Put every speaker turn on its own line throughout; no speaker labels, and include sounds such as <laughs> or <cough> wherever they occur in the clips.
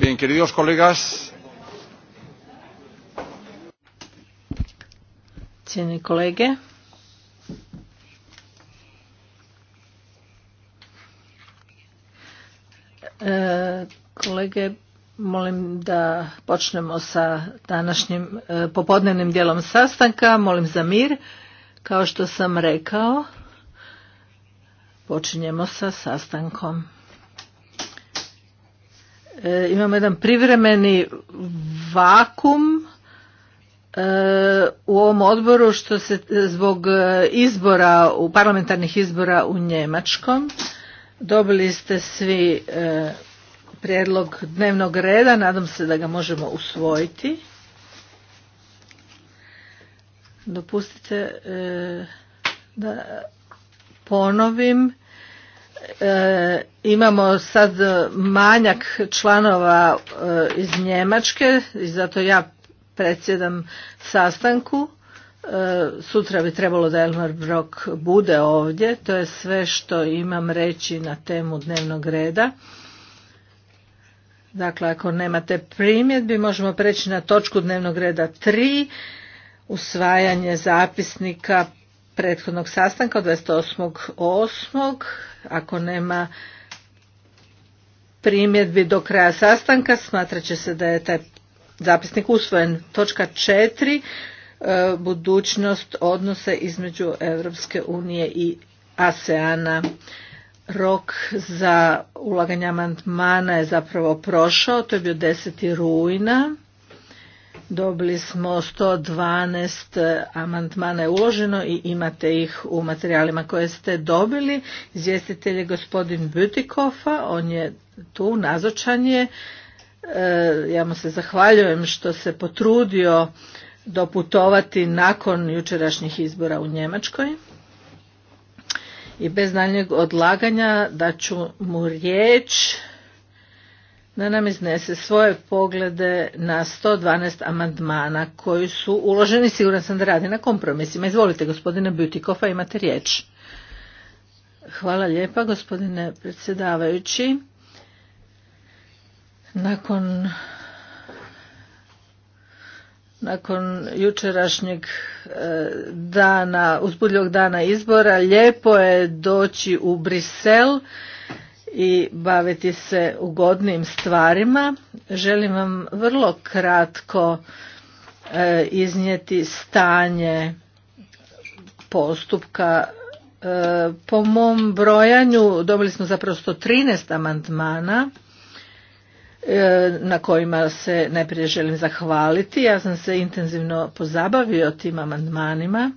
Bien, queridos colegas.
kolege. E, kolege, molim da počnemo sa današnjim e, popodnevnim dijelom sastanka. Molim za mir. Kao što sam rekao, počinjemo sa sastankom. E, imamo jedan privremeni vakum e, u ovom odboru što se zbog e, izbora, u parlamentarnih izbora u Njemačkom. Dobili ste svi prijedlog dnevnog reda, nadam se da ga možemo usvojiti. Dopustite da ponovim E, imamo sad manjak članova e, iz Njemačke i zato ja predsjedam sastanku. E, sutra bi trebalo da Elmar Brok bude ovdje. To je sve što imam reći na temu dnevnog reda. Dakle, ako nemate primjedbi, možemo preći na točku dnevnog reda 3, usvajanje zapisnika prethodnog sastanka od 28.8. Ako nema primjedbi do kraja sastanka, smatrat će se da je taj zapisnik usvojen. Točka 4. E, budućnost odnose između Europske unije i ASEANA. Rok za ulaganje amandmana je zapravo prošao, to je bio 10. rujna. Dobili smo 112 amandmana je uloženo i imate ih u materijalima koje ste dobili. Izvjestitelj je gospodin Butikofa, on je tu, nazočan je. E, ja mu se zahvaljujem što se potrudio doputovati nakon jučerašnjih izbora u Njemačkoj. I bez daljnjeg odlaganja ću mu riječ da nam iznese svoje poglede na 112 amandmana koji su uloženi, siguran sam da radi na kompromisima. Izvolite gospodine Butikofa, imate riječ. Hvala lijepa gospodine predsjedavajući. Nakon nakon jučerašnjeg e, dana, uzbudljog dana izbora, lijepo je doći u Brisel i baviti se ugodnim stvarima. Želim vam vrlo kratko e, iznijeti stanje postupka. E, po mom brojanju dobili smo zapravo 113 amandmana e, na kojima se najprije želim zahvaliti. Ja sam se intenzivno pozabavio tim amandmanima.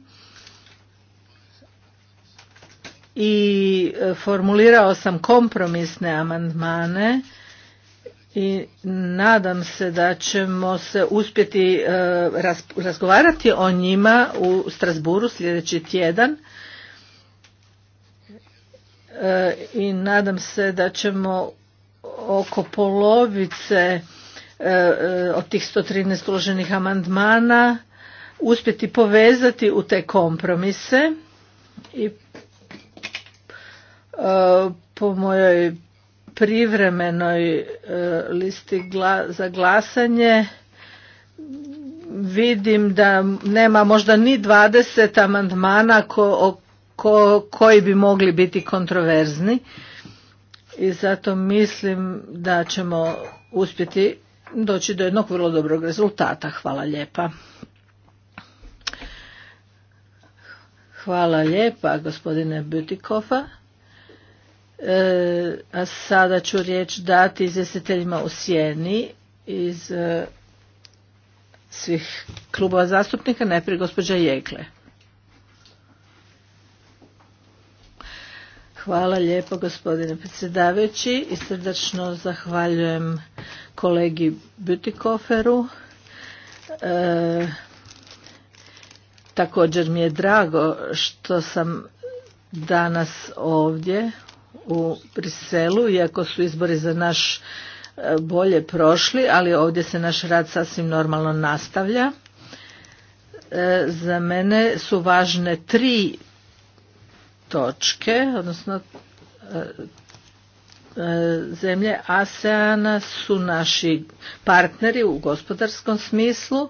i e, formulirao sam kompromisne amandmane i nadam se da ćemo se uspjeti e, razgovarati o njima u Strasburu sljedeći tjedan e, i nadam se da ćemo oko polovice od tih 113 uloženih amandmana uspjeti povezati u te kompromise i po mojoj privremenoj e, listi za glasanje vidim da nema možda ni 20 amandmana koji bi mogli biti kontroverzni i zato mislim da ćemo uspjeti doći do jednog vrlo dobrog rezultata. Hvala lijepa. Hvala lijepa gospodine Butikofa. E, a sada ću riječ dati izvjestiteljima u sjeni iz e, svih klubova zastupnika, najprije gospođa Jekle. Hvala lijepo gospodine predsjedavajući i srdačno zahvaljujem kolegi Butikoferu. E, također mi je drago što sam danas ovdje u Briselu, iako su izbori za naš e, bolje prošli, ali ovdje se naš rad sasvim normalno nastavlja. E, za mene su važne tri točke, odnosno e, zemlje ASEANA su naši partneri u gospodarskom smislu,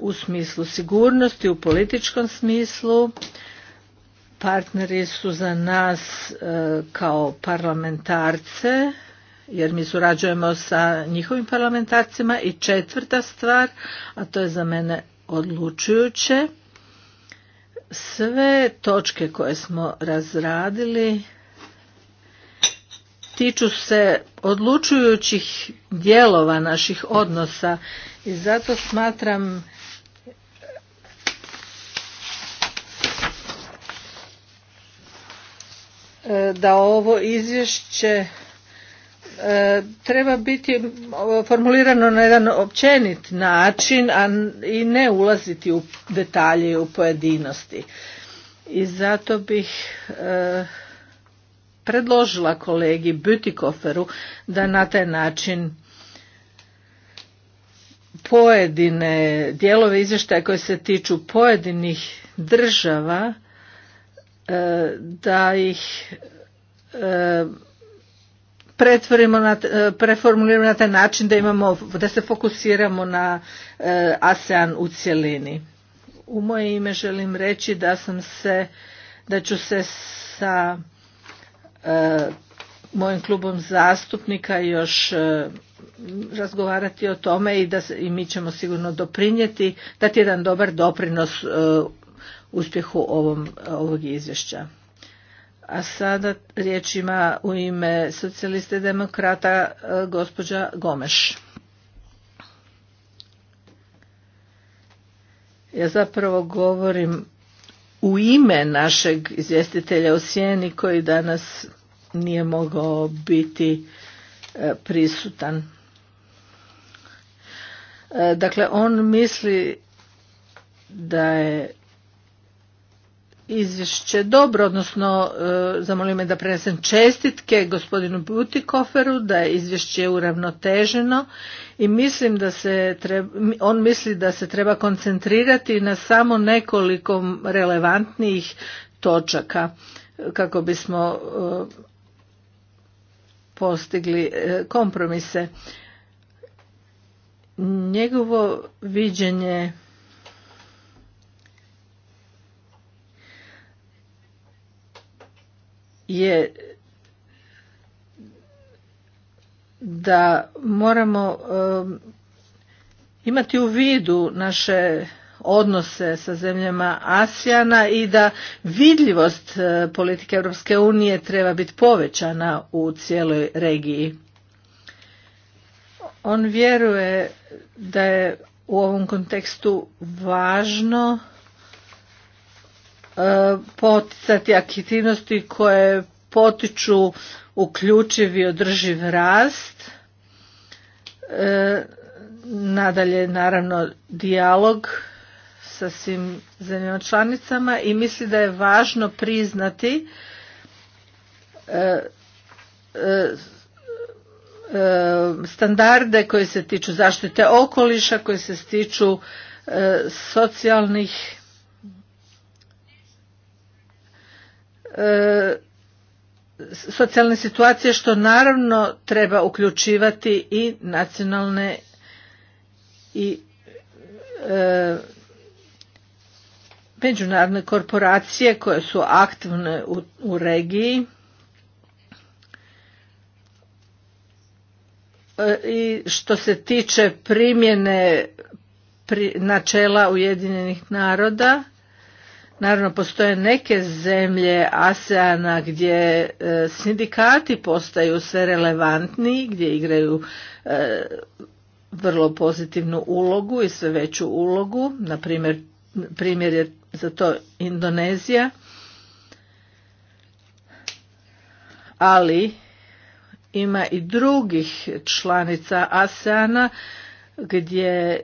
u smislu sigurnosti, u političkom smislu, partneri su za nas e, kao parlamentarce jer mi surađujemo sa njihovim parlamentarcima i četvrta stvar a to je za mene odlučujuće sve točke koje smo razradili tiču se odlučujućih dijelova naših odnosa i zato smatram E, da ovo izvješće e, treba biti formulirano na jedan općenit način i ne ulaziti u detalje i u pojedinosti. I zato bih e, predložila kolegi Butikoferu da na taj način pojedine dijelove izvještaja koje se tiču pojedinih država E, da ih e, pretvorimo na, e, preformuliramo na taj način da imamo, da se fokusiramo na ASEAN u cjelini. U moje ime želim reći da sam se, da ću se sa mojim klubom zastupnika još razgovarati o tome i da se, i mi ćemo sigurno doprinijeti, dati jedan dobar doprinos e, uspjehu ovom, ovog izvješća. A sada riječ ima u ime socijaliste demokrata e, gospođa Gomeš. Ja zapravo govorim u ime našeg izvjestitelja u Sjeni koji danas nije mogao biti e, prisutan. E, dakle, on misli da je izvješće dobro, odnosno e, zamolim me da prenesem čestitke gospodinu Butikoferu da je izvješće uravnoteženo i mislim da se on misli da se treba koncentrirati na samo nekoliko relevantnijih točaka kako bismo e, postigli e, kompromise. Njegovo viđenje je da moramo um, imati u vidu naše odnose sa zemljama Asijana i da vidljivost uh, politike Europske unije treba biti povećana u cijeloj regiji. On vjeruje da je u ovom kontekstu važno poticati aktivnosti koje potiču uključiv i održiv rast. E, nadalje, naravno, dijalog sa svim zemljama članicama i misli da je važno priznati e, e, standarde koji se tiču zaštite okoliša, koje se tiču socijalnih E, socijalne situacije što naravno treba uključivati i nacionalne i e, međunarodne korporacije koje su aktivne u, regiji e, i što se tiče primjene načela Ujedinjenih naroda Naravno, postoje neke zemlje ASEANA gdje e, sindikati postaju sve relevantniji, gdje igraju e, vrlo pozitivnu ulogu i sve veću ulogu. Na primjer, primjer je za to Indonezija. Ali ima i drugih članica ASEANA gdje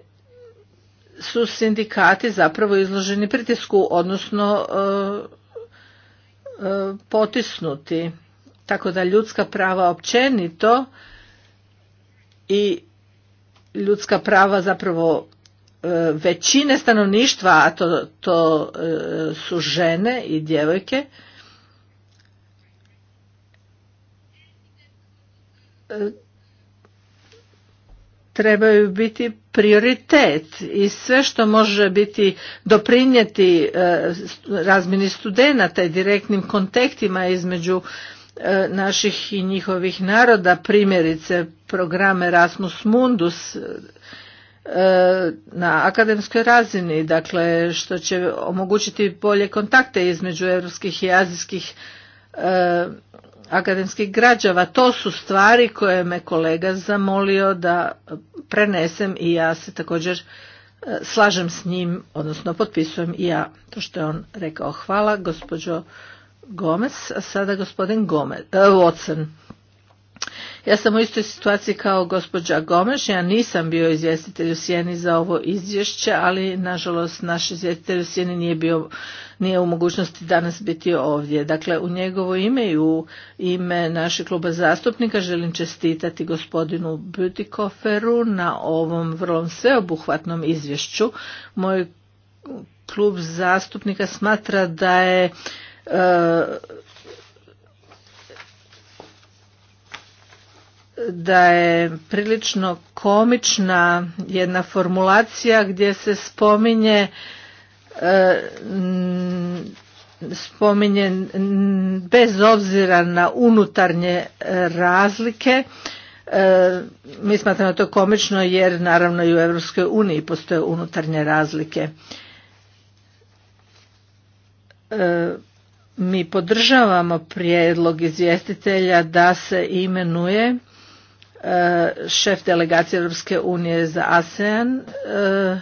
su sindikati zapravo izloženi pritisku, odnosno e, e, potisnuti. Tako da ljudska prava općenito i ljudska prava zapravo e, većine stanovništva, a to, to su žene i djevojke, trebaju biti prioritet i sve što može biti doprinijeti e, razmini studenata i direktnim kontaktima između e, naših i njihovih naroda, primjerice programe Erasmus Mundus e, na akademskoj razini, dakle što će omogućiti bolje kontakte između europskih i azijskih akademskih građava. To su stvari koje me kolega zamolio da prenesem i ja se također e, slažem s njim, odnosno potpisujem i ja to što je on rekao. Hvala gospođo Gomez, a sada gospodin Gomez, e, Watson. Ja sam u istoj situaciji kao gospođa Gomeš, ja nisam bio izvjestitelj u Sjeni za ovo izvješće, ali nažalost naš izvjestitelj u Sjeni nije bio nije u mogućnosti danas biti ovdje. Dakle, u njegovo ime i u ime našeg kluba zastupnika želim čestitati gospodinu Butikoferu na ovom vrlo sveobuhvatnom izvješću. Moj klub zastupnika smatra da je e, da je prilično komična jedna formulacija gdje se spominje e, spominje bez obzira na unutarnje e, razlike e, mi smatramo to komično jer naravno i u Europskoj uniji postoje unutarnje razlike. Mi podržavamo prijedlog izvjestitelja da se imenuje E, šef delegacije Europske unije za ASEAN. E,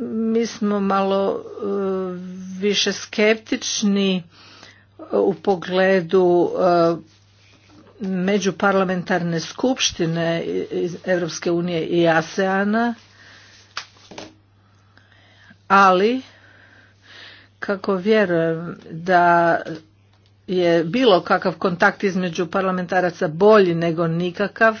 mi smo malo e, više skeptični u pogledu međuparlamentarne skupštine Europske unije i ASEANA, ali kako vjerujem da je bilo kakav kontakt između parlamentaraca bolji nego nikakav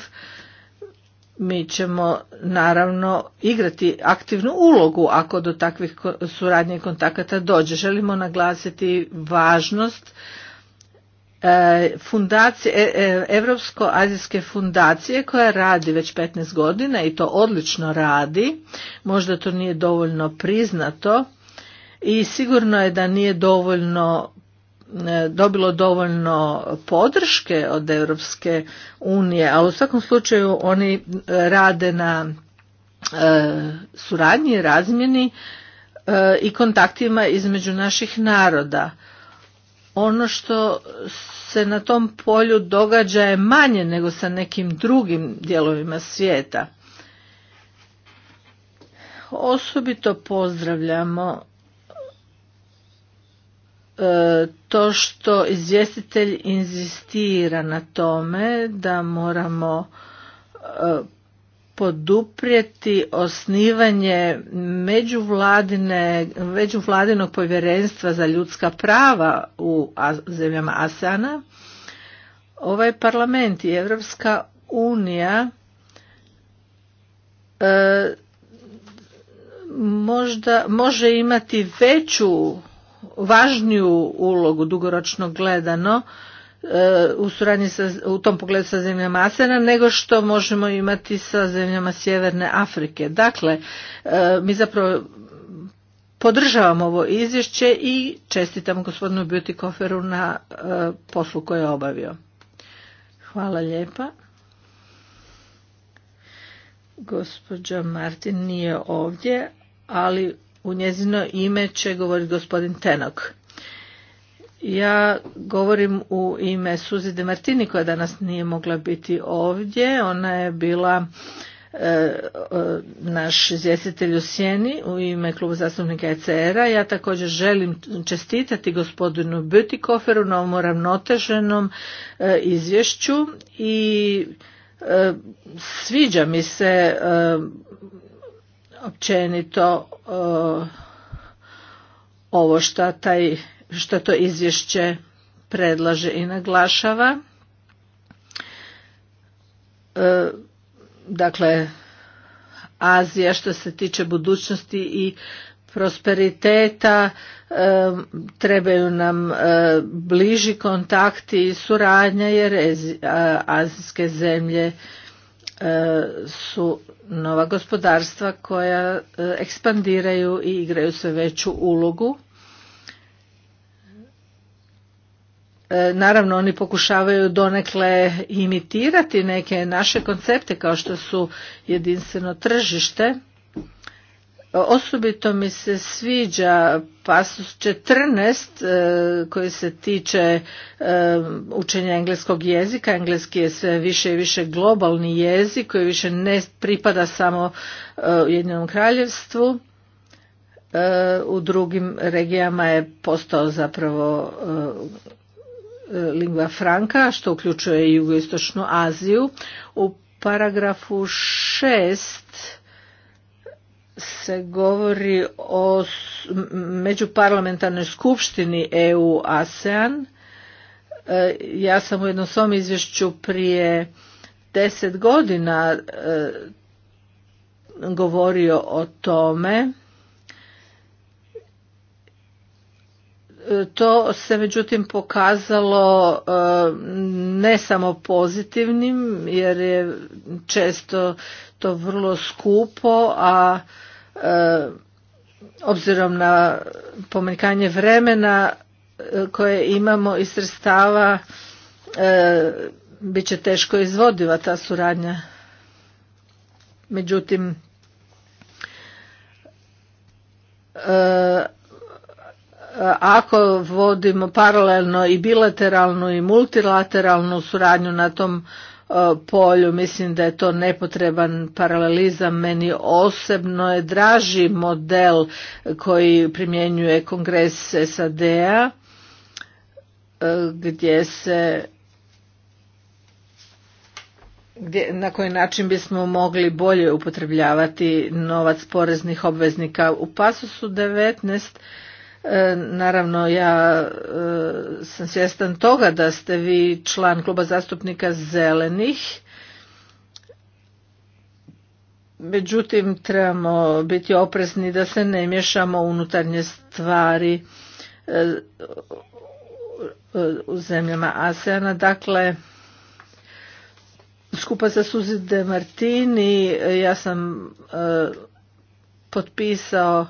mi ćemo naravno igrati aktivnu ulogu ako do takvih suradnje i kontakata dođe. Želimo naglasiti važnost e, e, e, Evropsko-azijske fundacije koja radi već 15 godina i to odlično radi. Možda to nije dovoljno priznato i sigurno je da nije dovoljno E, dobilo dovoljno podrške od Europske unije, a u svakom slučaju oni e, rade na e, suradnji, razmjeni i kontaktima između naših naroda. Ono što se na tom polju događa je manje nego sa nekim drugim dijelovima svijeta. Osobito pozdravljamo E, to što izvjestitelj inzistira na tome da moramo e, poduprijeti osnivanje međuvladinog povjerenstva za ljudska prava u zemljama asana ovaj parlament i Europska unija e, možda može imati veću važniju ulogu dugoročno gledano e, u suradnji sa, u tom pogledu sa zemljama Asena nego što možemo imati sa zemljama Sjeverne Afrike. Dakle, e, mi zapravo podržavamo ovo izvješće i čestitam gospodinu koferu na e, poslu koje je obavio. Hvala lijepa. Gospođa Martin nije ovdje, ali u njezino ime će govoriti gospodin Tenok. Ja govorim u ime Suzi De Martini koja danas nije mogla biti ovdje. Ona je bila e, e, naš izvjestitelj u Sjeni u ime kluba zastupnika ECR-a. Ja također želim čestitati gospodinu koferu na ovom ravnoteženom e, izvješću i sviđa mi se općenito e, ovo što taj što to izvješće predlaže i naglašava. E, dakle, Azija što se tiče budućnosti i prosperiteta, e, trebaju nam bliži kontakti i suradnja jer azijske zemlje E, su nova gospodarstva koja e, ekspandiraju i igraju sve veću ulogu. E, naravno oni pokušavaju donekle imitirati neke naše koncepte kao što su jedinstveno tržište Osobito mi se sviđa pasus 14 e, koji se tiče e, učenja engleskog jezika. Engleski je sve više i više globalni jezik koji više ne pripada samo e, Ujedinjenom kraljevstvu. U drugim regijama je postao zapravo lingva franka što uključuje i jugoistočnu Aziju. U paragrafu 6 se govori o međuparlamentarnoj skupštini EU ASEAN. E, ja sam u jednom svom izvješću prije deset godina e, govorio o tome to se međutim pokazalo e, ne samo pozitivnim jer je često to vrlo skupo, a e, obzirom na pomanjkanje vremena e, koje imamo i sredstava bit će teško izvodiva ta suradnja. Međutim, ako vodimo paralelno i bilateralnu i multilateralnu suradnju na tom e, polju, mislim da je to nepotreban paralelizam. Meni osobno je draži model koji primjenjuje Kongres SAD-a e, gdje se gdje, na koji način bismo mogli bolje upotrebljavati novac poreznih obveznika. U pasusu 19 E, naravno, ja e, sam svjestan toga da ste vi član kluba zastupnika zelenih. Međutim, trebamo biti oprezni da se ne miješamo unutarnje stvari e, u zemljama ASEANA. Dakle, skupa sa Suzi de Martini ja sam potpisao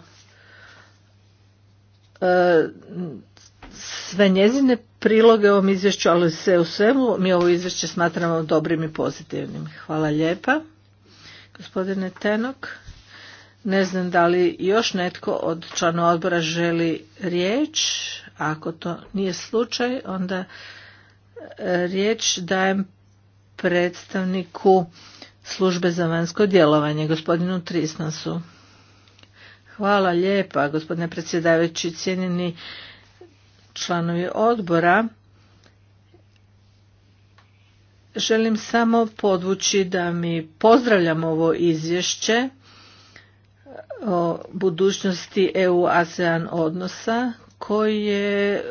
sve njezine priloge ovom izvješću, ali sve u svemu mi ovo izvješće smatramo dobrim i pozitivnim. Hvala lijepa. Gospodine Tenok, ne znam da li još netko od članova odbora želi riječ. Ako to nije slučaj, onda e, riječ dajem predstavniku službe za vanjsko djelovanje, gospodinu Trisnasu. Hvala lijepa, gospodine predsjedavajući, cijenjeni članovi odbora. Želim samo podvući da mi pozdravljam ovo izvješće o budućnosti EU-ASEAN odnosa koji je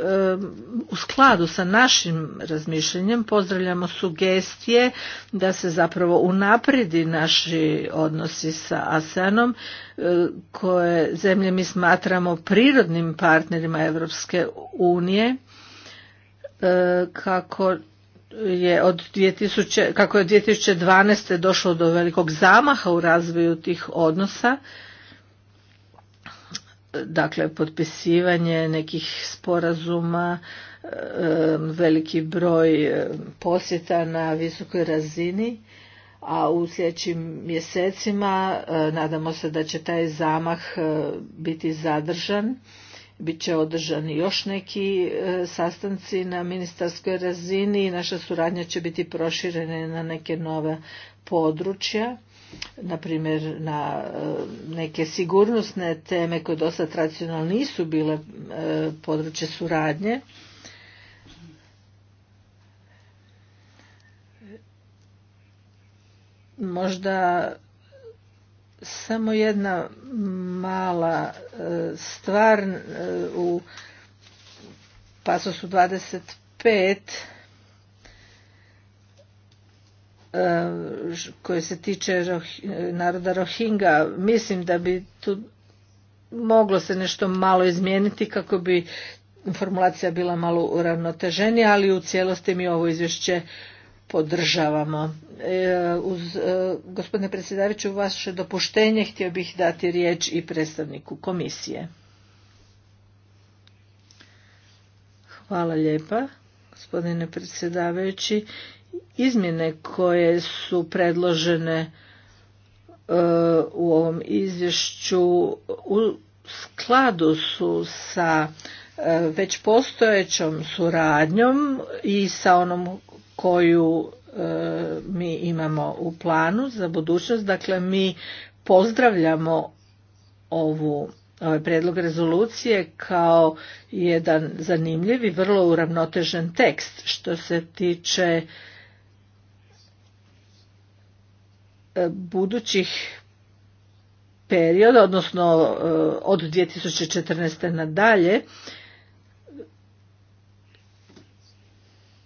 u skladu sa našim razmišljanjem. Pozdravljamo sugestije da se zapravo unapredi naši odnosi sa ASEANom e, koje zemlje mi smatramo prirodnim partnerima Evropske unije e, kako je od kako je od 2012. došlo do velikog zamaha u razvoju tih odnosa dakle potpisivanje nekih sporazuma, veliki broj posjeta na visokoj razini, a u sljedećim mjesecima e, nadamo se da će taj zamah e, biti zadržan. bit će održani još neki e, sastanci na ministarskoj razini i naša suradnja će biti proširena na neke nove područja na primjer na e, neke sigurnosne teme koje dosta tradicionalno nisu bile e, područje suradnje. Možda samo jedna mala e, stvar u pasosu 25 Eh, koje se tiče eh, naroda Rohinga. Mislim da bi tu moglo se nešto malo izmijeniti kako bi formulacija bila malo uravnoteženija, ali u cijelosti mi ovo izvješće podržavamo. Eh, uz gospodine u vaše dopuštenje htio bih dati riječ i predstavniku komisije. Hvala lijepa gospodine predsjedavajući izmjene koje su predložene e, u ovom izvješću u skladu su sa e, već postojećom suradnjom i sa onom koju e, mi imamo u planu za budućnost. Dakle, mi pozdravljamo ovu ovaj predlog rezolucije kao jedan zanimljiv i vrlo uravnotežen tekst što se tiče E, budućih perioda, odnosno e, od 2014. nadalje,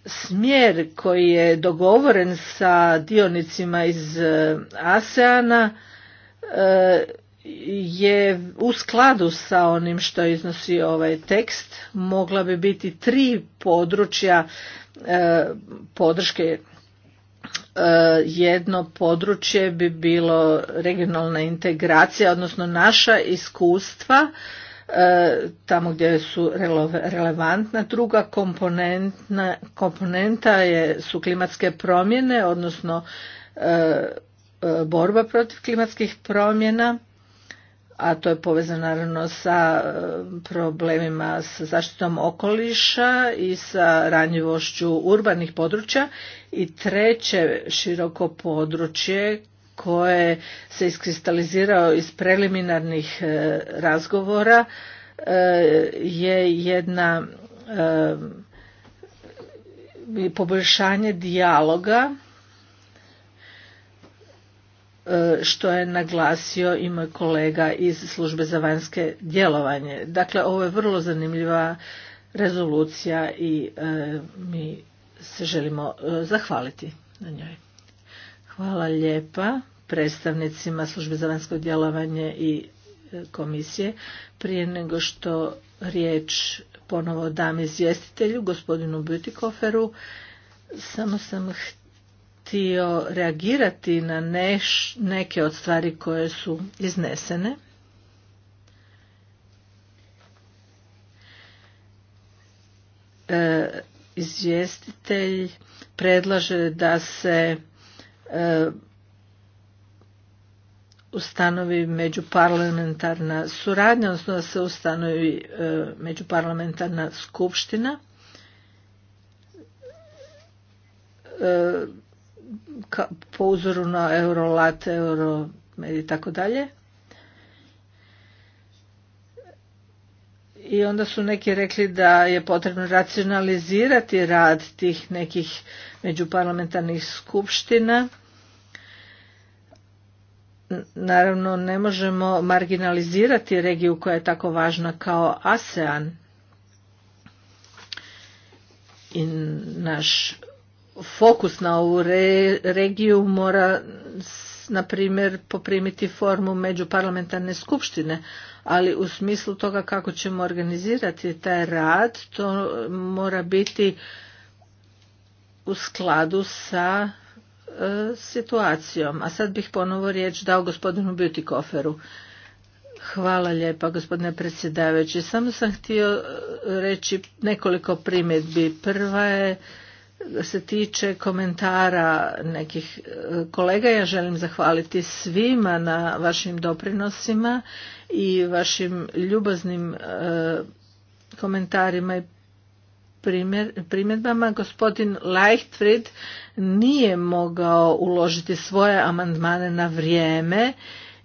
smjer koji je dogovoren sa dionicima iz e, ASEANA je u skladu sa onim što iznosi ovaj tekst. Mogla bi biti tri područja podrške jedno područje bi bilo regionalna integracija, odnosno naša iskustva e, tamo gdje su relevantna. Druga komponenta je, su klimatske promjene, odnosno e, e, borba protiv klimatskih promjena a to je povezano naravno sa e, problemima sa zaštitom okoliša i sa ranjivošću urbanih područja i treće široko područje koje se iskristalizirao iz preliminarnih e, razgovora e, je jedna poboljšanje dijaloga što je naglasio i moj kolega iz službe za vanjske djelovanje. Dakle, ovo je vrlo zanimljiva rezolucija i e, mi se želimo e, zahvaliti na njoj. Hvala lijepa predstavnicima službe za vanjsko djelovanje i e, komisije. Prije nego što riječ ponovo dam izvjestitelju, gospodinu Butikoferu, samo sam htio reagirati na neš, neke od stvari koje su iznesene. E, izvjestitelj predlaže da se e, ustanovi međuparlamentarna suradnja, odnosno da se ustanovi e, međuparlamentarna skupština. E, ka, po uzoru na Eurolat, Euro i tako dalje. I onda su neki rekli da je potrebno racionalizirati rad tih nekih međuparlamentarnih skupština. Naravno, ne možemo marginalizirati regiju koja je tako važna kao ASEAN. I naš fokus na ovu regiju mora na primjer poprimiti formu međuparlamentarne skupštine, ali u smislu toga kako ćemo organizirati taj rad, to mora biti u skladu sa e, situacijom. A sad bih ponovo riječ dao gospodinu Butikoferu. Hvala lijepa gospodine predsjedavajući. Samo sam htio e, reći nekoliko primjedbi. Prva je se tiče komentara nekih e, kolega, ja želim zahvaliti svima na vašim doprinosima i vašim ljubaznim e, komentarima i primjedbama. Gospodin Leichtfried nije mogao uložiti svoje amandmane na vrijeme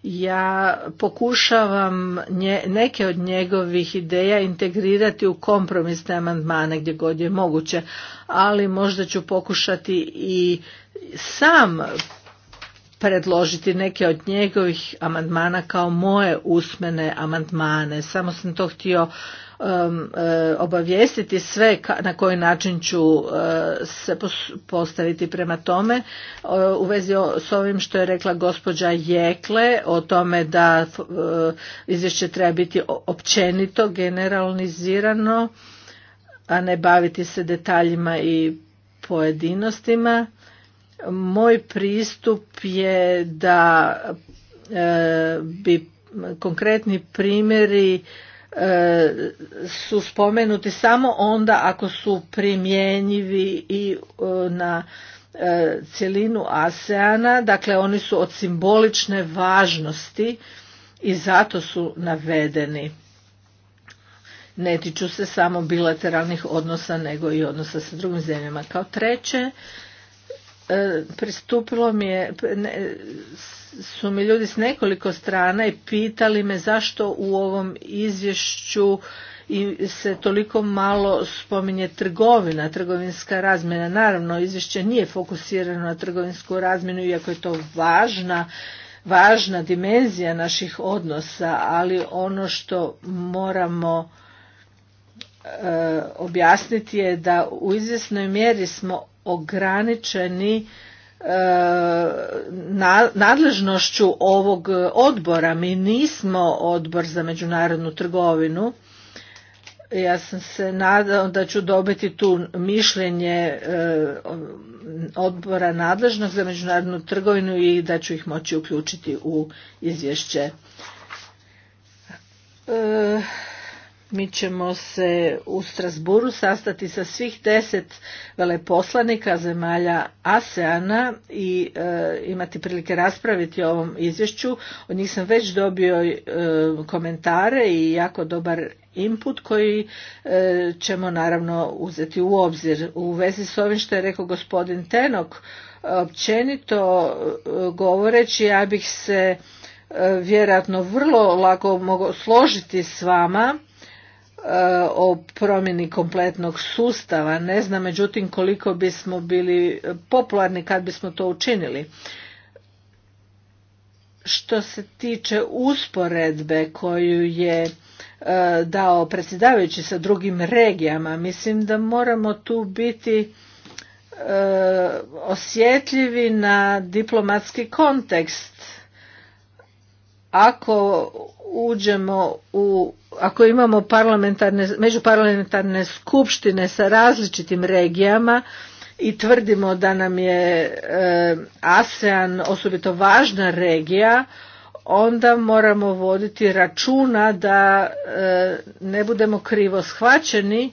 ja pokušavam neke od njegovih ideja integrirati u kompromisne amandmane gdje god je moguće, ali možda ću pokušati i sam predložiti neke od njegovih amandmana kao moje usmene amandmane. Samo sam to htio Um, e, obavijestiti sve na koji način ću e, se postaviti prema tome e, u vezi s ovim što je rekla gospođa Jekle o tome da izvješće treba biti općenito generalizirano a ne baviti se detaljima i pojedinostima moj pristup je da bi konkretni primjeri E, su spomenuti samo onda ako su primjenjivi i e, na e, cjelinu ASEANA, dakle oni su od simbolične važnosti i zato su navedeni. Ne tiču se samo bilateralnih odnosa nego i odnosa sa drugim zemljama. Kao treće, E, pristupilo mi je, su mi ljudi s nekoliko strana i pitali me zašto u ovom izvješću i se toliko malo spominje trgovina, trgovinska razmjena. Naravno, izvješće nije fokusirano na trgovinsku razmjenu, iako je to važna, važna dimenzija naših odnosa, ali ono što moramo e, objasniti je da u izvjesnoj mjeri smo ograničeni e, nadležnošću ovog odbora. Mi nismo odbor za međunarodnu trgovinu. Ja sam se nadao da ću dobiti tu mišljenje e, odbora nadležnog za međunarodnu trgovinu i da ću ih moći uključiti u izvješće. E, mi ćemo se u Strasburu sastati sa svih deset veleposlanika zemalja ASEANA i e, imati prilike raspraviti o ovom izvješću. Od njih sam već dobio e, komentare i jako dobar input koji e, ćemo naravno uzeti u obzir. U vezi s ovim što je rekao gospodin Tenok, općenito govoreći ja bih se vjerojatno vrlo lako mogao složiti s vama o promjeni kompletnog sustava. Ne znam međutim koliko bismo bili popularni kad bismo to učinili. Što se tiče usporedbe koju je e, dao predsjedavajući sa drugim regijama, mislim da moramo tu biti e, osjetljivi na diplomatski kontekst ako uđemo u ako imamo parlamentarne međuparlamentarne skupštine sa različitim regijama i tvrdimo da nam je eh, ASEAN osobito važna regija onda moramo voditi računa da eh, ne budemo krivo shvaćeni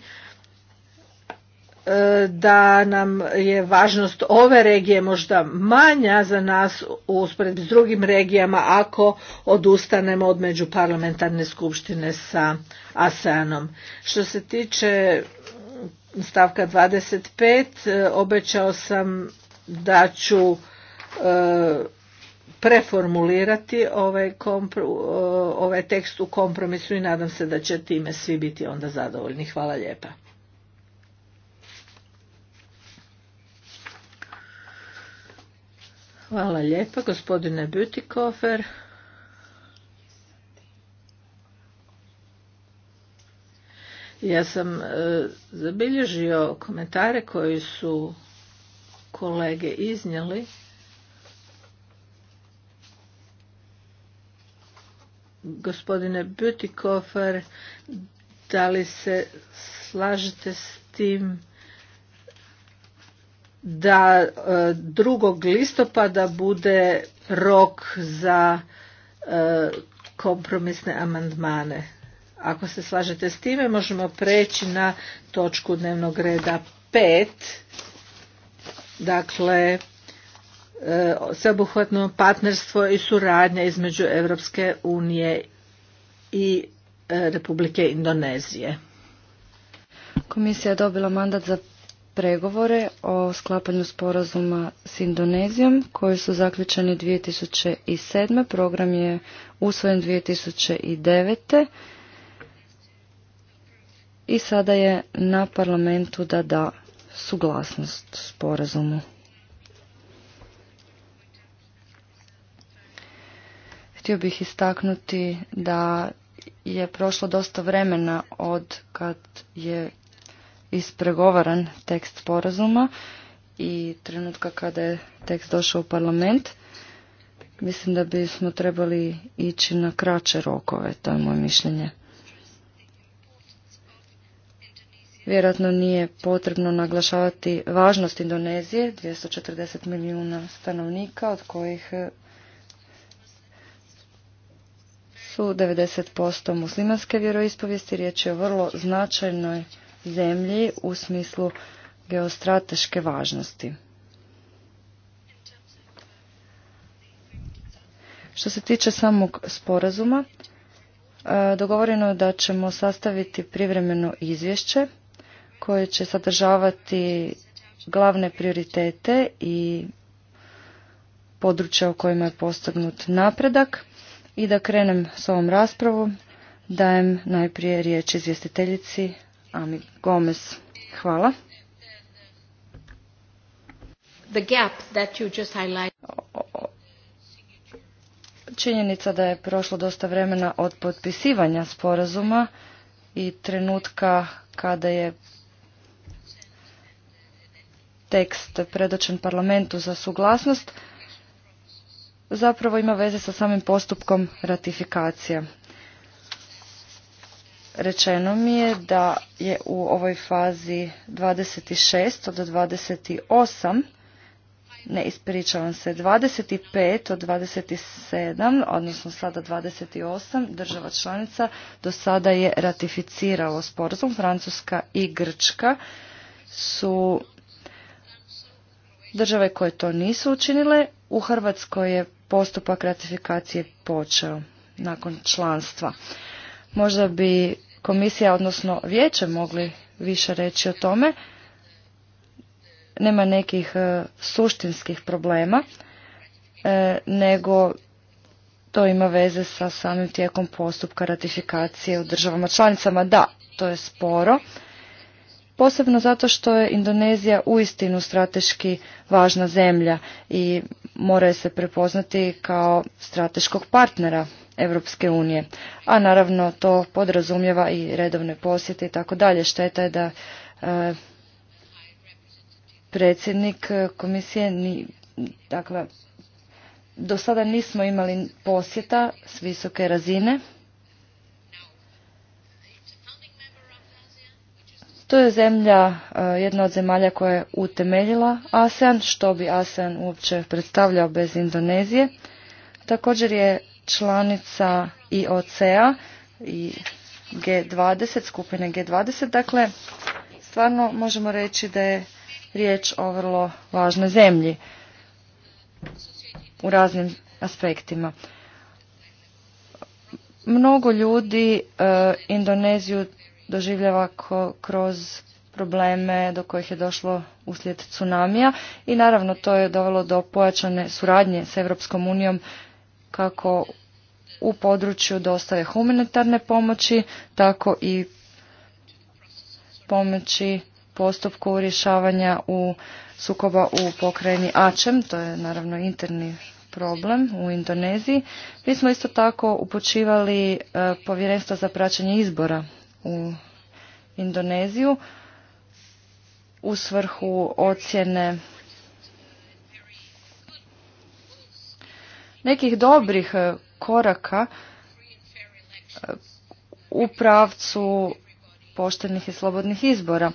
E, da nam je važnost ove regije možda manja za nas uspred s drugim regijama ako odustanemo od međuparlamentarne skupštine sa ASEANom. Što se tiče stavka 25, e, obećao sam da ću e, preformulirati ovaj, ovaj tekst u kompromisu i nadam se da će time svi biti onda zadovoljni. Hvala lijepa. Hvala lijepa, gospodine Butikofer. Ja sam e, zabilježio komentare koji su kolege iznijeli. Gospodine Butikofer, da li se slažete s tim da 2. E, listopada bude rok za e, kompromisne amandmane. Ako se slažete s time, možemo preći na točku dnevnog reda 5. Dakle, e, sveobuhvatno partnerstvo i suradnja između Europske unije i Republike Indonezije.
Komisija je dobila mandat za pregovore o sklapanju sporazuma s Indonezijom koji su zaključeni 2007. Program je usvojen 2009. I sada je na parlamentu da da suglasnost sporazumu. Htio bih istaknuti da je prošlo dosta vremena od kad je ispregovaran tekst sporazuma i trenutka kada je tekst došao u parlament. Mislim da bismo trebali ići na kraće rokove, to je moje mišljenje. Vjerojatno nije potrebno naglašavati važnost Indonezije, 240 milijuna stanovnika, od kojih su 90% muslimanske vjeroispovijesti. Riječ je o vrlo značajnoj zemlji u smislu geostrateške važnosti. Što se tiče samog sporazuma, e, dogovoreno je da ćemo sastaviti privremeno izvješće koje će sadržavati glavne prioritete i područja u kojima je postignut napredak i da krenem s ovom raspravom dajem najprije riječ izvjestiteljici Ami Gomez. Hvala.
The gap that you just
Činjenica da je prošlo dosta vremena od potpisivanja sporazuma i trenutka kada je tekst predočen parlamentu za suglasnost zapravo ima veze sa samim postupkom ratifikacija. Rečeno mi je da je u ovoj fazi 26 od 28, ne ispričavam se, 25 od 27, odnosno sada 28 država članica do sada je ratificiralo sporazum. Francuska i Grčka su države koje to nisu učinile. U Hrvatskoj je postupak ratifikacije počeo nakon članstva. Možda bi komisija, odnosno vijeće mogli više reći o tome. Nema nekih e, suštinskih problema, e, nego to ima veze sa samim tijekom postupka ratifikacije u državama članicama. Da, to je sporo. Posebno zato što je Indonezija uistinu strateški važna zemlja i moraju se prepoznati kao strateškog partnera Europske unije. A naravno to podrazumijeva i redovne posjete i tako dalje. Šteta je da e, predsjednik komisije ni, dakle, do sada nismo imali posjeta s visoke razine To je zemlja, e, jedna od zemalja koja je utemeljila ASEAN, što bi ASEAN uopće predstavljao bez Indonezije. Također je članica IOC-a i G20, skupine G20, dakle stvarno možemo reći da je riječ o vrlo važnoj zemlji u raznim aspektima. Mnogo ljudi e, Indoneziju doživljava kroz probleme do kojih je došlo uslijed tsunamija i naravno to je dovelo do pojačane suradnje s Europskom unijom kako u području dostave humanitarne pomoći, tako i pomoći postupku rješavanja u sukoba u pokrajini Ačem, to je naravno interni problem u Indoneziji. Mi smo isto tako upočivali e, povjerenstvo za praćenje izbora u Indoneziju u svrhu ocjene nekih dobrih e, koraka e, u pravcu poštenih i slobodnih izbora.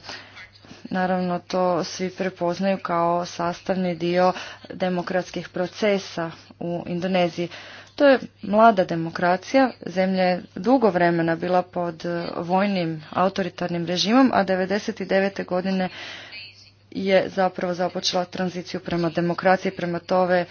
Naravno, to svi prepoznaju kao sastavni dio demokratskih procesa u Indoneziji. To je mlada demokracija, zemlja je dugo vremena bila pod vojnim autoritarnim režimom, a 1999. godine je zapravo započela tranziciju prema demokraciji, prema tove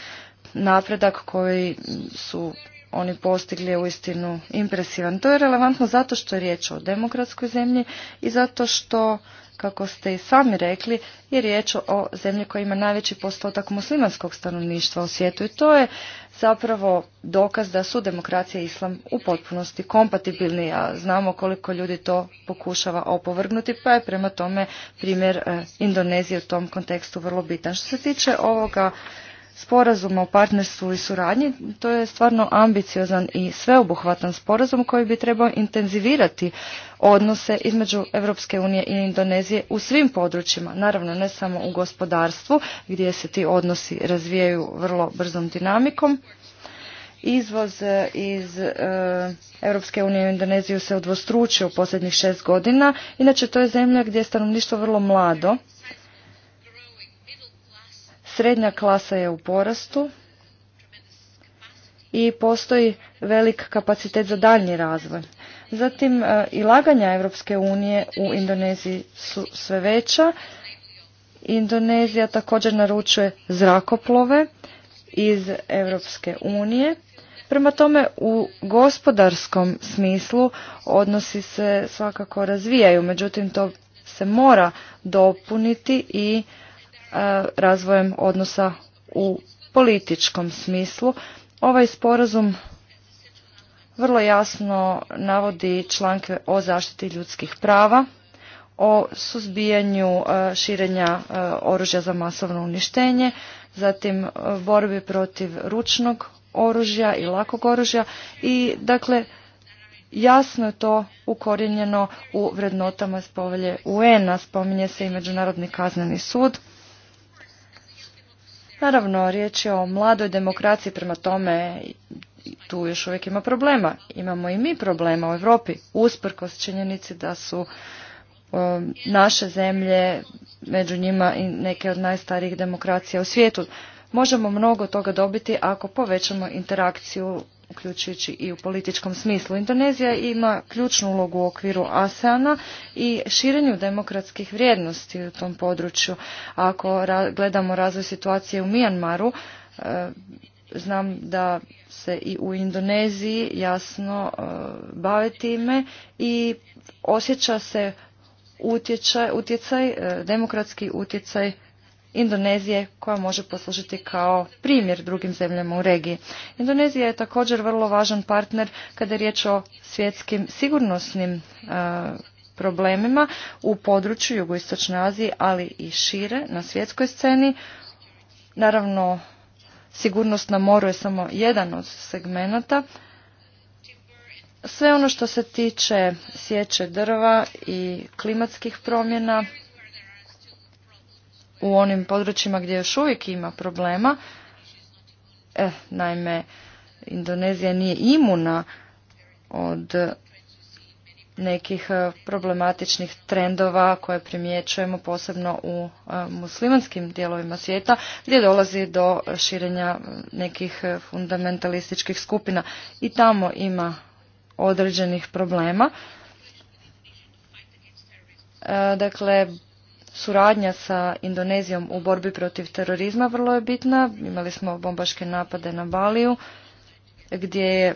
napredak koji su oni postigli u istinu impresivan. To je relevantno zato što je riječ o demokratskoj zemlji i zato što, kako ste i sami rekli, je riječ o zemlji koja ima najveći postotak muslimanskog stanovništva u svijetu i to je zapravo dokaz da su demokracija i islam u potpunosti kompatibilni, a znamo koliko ljudi to pokušava opovrgnuti, pa je prema tome primjer e, Indonezije u tom kontekstu vrlo bitan. Što se tiče ovoga sporazuma o partnerstvu i suradnji, to je stvarno ambiciozan i sveobuhvatan sporazum koji bi trebao intenzivirati odnose između Europske unije i Indonezije u svim područjima, naravno ne samo u gospodarstvu gdje se ti odnosi razvijaju vrlo brzom dinamikom. Izvoz e, iz EU Europske unije u Indoneziju se odvostručio u posljednjih šest godina. Inače, to je zemlja gdje je stanovništvo vrlo mlado Srednja klasa je u porastu i postoji velik kapacitet za daljnji razvoj. Zatim e, i laganja Europske unije u Indoneziji su sve veća. Indonezija također naručuje zrakoplove iz Europske unije. Prema tome u gospodarskom smislu odnosi se svakako razvijaju, međutim to se mora dopuniti i E, razvojem odnosa u političkom smislu. Ovaj sporazum vrlo jasno navodi članke o zaštiti ljudskih prava, o suzbijanju e, širenja e, oružja za masovno uništenje, zatim borbi protiv ručnog oružja i lakog oružja i dakle jasno je to ukorijenjeno u vrednotama spovelje UN-a, spominje se i Međunarodni kazneni sud. Naravno, riječ je o mladoj demokraciji, prema tome tu još uvijek ima problema. Imamo i mi problema u Europi, usprkos činjenici da su um, naše zemlje, među njima i neke od najstarijih demokracija u svijetu. Možemo mnogo toga dobiti ako povećamo interakciju uključujući i u političkom smislu. Indonezija ima ključnu ulogu u okviru ASEANA i širenju demokratskih vrijednosti u tom području. Ako gledamo razvoj situacije u Mijanmaru, e, znam da se i u Indoneziji jasno e, bave time i osjeća se utjecaj e, demokratski utjecaj Indonezije koja može poslužiti kao primjer drugim zemljama u regiji. Indonezija je također vrlo važan partner kada je riječ o svjetskim sigurnosnim e, problemima u području jugoistočne Azije, ali i šire na svjetskoj sceni. Naravno, sigurnost na moru je samo jedan od segmenata. Sve ono što se tiče sječe drva i klimatskih promjena, u onim područjima gdje još uvijek ima problema. Eh, naime, Indonezija nije imuna od nekih e, problematičnih trendova koje primjećujemo posebno u e, muslimanskim dijelovima svijeta gdje dolazi do širenja nekih e, fundamentalističkih skupina i tamo ima određenih problema. Dakle, suradnja sa Indonezijom u borbi protiv terorizma vrlo je bitna. Imali smo bombaške napade na Baliju gdje je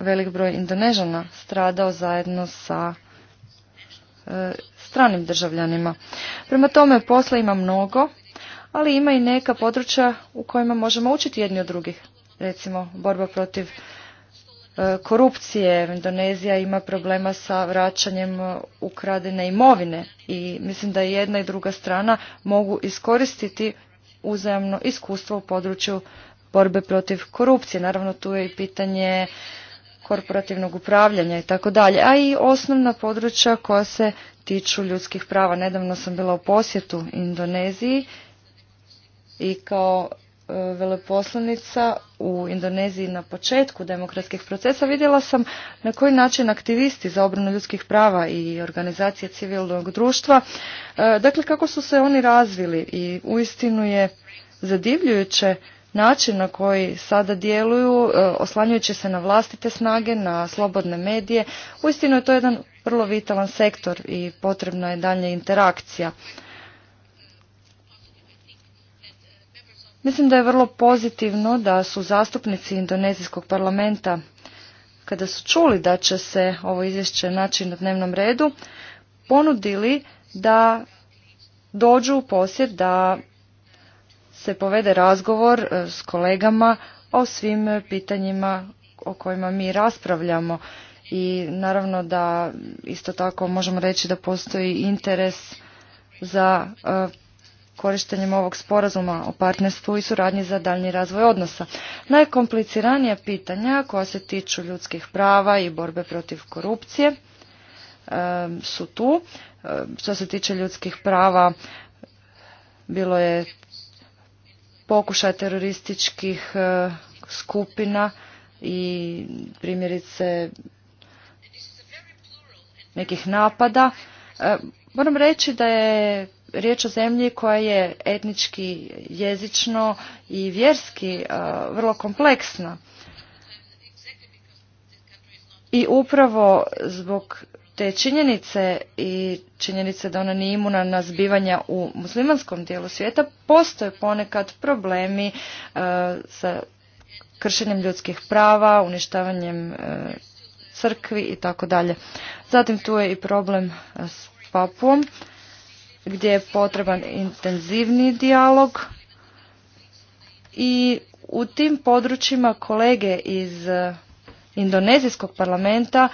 velik broj Indonežana stradao zajedno sa e, stranim državljanima. Prema tome posla ima mnogo, ali ima i neka područja u kojima možemo učiti jedni od drugih. Recimo borba protiv E, korupcije. Indonezija ima problema sa vraćanjem ukradene imovine i mislim da jedna i druga strana mogu iskoristiti uzajamno iskustvo u području borbe protiv korupcije. Naravno tu je i pitanje korporativnog upravljanja i tako dalje, a i osnovna područja koja se tiču ljudskih prava. Nedavno sam bila u posjetu Indoneziji i kao E, veleposlanica u Indoneziji na početku demokratskih procesa vidjela sam na koji način aktivisti za obranu ljudskih prava i organizacije civilnog društva, e, dakle kako su se oni razvili i uistinu je zadivljujuće način na koji sada djeluju, e, oslanjujući se na vlastite snage, na slobodne medije. Uistinu je to jedan vrlo vitalan sektor i potrebna je dalje interakcija. Mislim da je vrlo pozitivno da su zastupnici Indonezijskog parlamenta, kada su čuli da će se ovo izvješće naći na dnevnom redu, ponudili da dođu u posjed, da se povede razgovor e, s kolegama o svim pitanjima o kojima mi raspravljamo. I naravno da isto tako možemo reći da postoji interes za e, korištenjem ovog sporazuma o partnerstvu i suradnji za daljnji razvoj odnosa. Najkompliciranija pitanja koja se tiču ljudskih prava i borbe protiv korupcije e, su tu. E, što se tiče ljudskih prava, bilo je pokušaj terorističkih e, skupina i primjerice nekih napada. Moram reći da je riječ o zemlji koja je etnički, jezično i vjerski e, vrlo kompleksna. I upravo zbog te činjenice i činjenice da ona nije imuna na zbivanja u muslimanskom dijelu svijeta, postoje ponekad problemi e, sa kršenjem ljudskih prava, uništavanjem e, crkvi i tako dalje. Zatim tu je i problem s Papuom gdje je potreban intenzivni dijalog i u tim područjima kolege iz indonezijskog parlamenta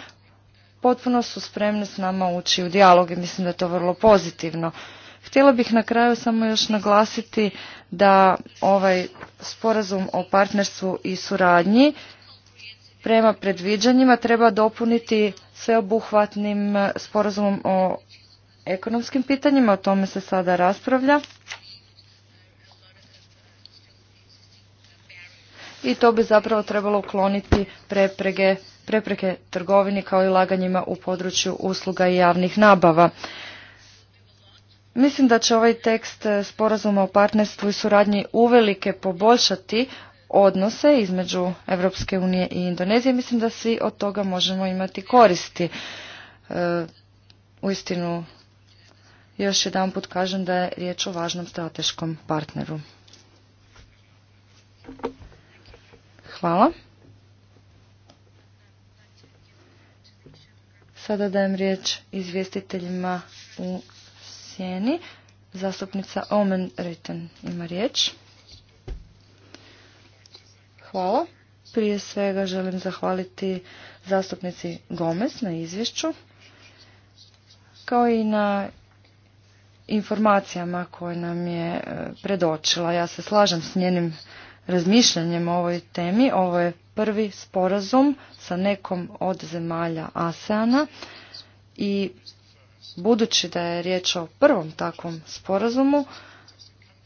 potpuno su spremne s nama ući u dijalog i mislim da je to vrlo pozitivno. Htjela bih na kraju samo još naglasiti da ovaj sporazum o partnerstvu i suradnji prema predviđanjima treba dopuniti sveobuhvatnim sporazumom o ekonomskim pitanjima, o tome se sada raspravlja. I to bi zapravo trebalo ukloniti preprege, prepreke trgovini kao i laganjima u području usluga i javnih nabava. Mislim da će ovaj tekst sporazuma o partnerstvu i suradnji uvelike poboljšati odnose između Europske unije i Indonezije. Mislim da svi od toga možemo imati koristi. U e, uistinu još jedanput put kažem da je riječ o važnom strateškom partneru. Hvala. Sada dajem riječ izvjestiteljima u sjeni. Zastupnica Omen Ritten ima riječ. Hvala. Prije svega želim zahvaliti zastupnici Gomez na izvješću kao i na informacijama koje nam je e, predočila. Ja se slažem s njenim razmišljanjem o ovoj temi. Ovo je prvi sporazum sa nekom od zemalja ASEANA i budući da je riječ o prvom takvom sporazumu,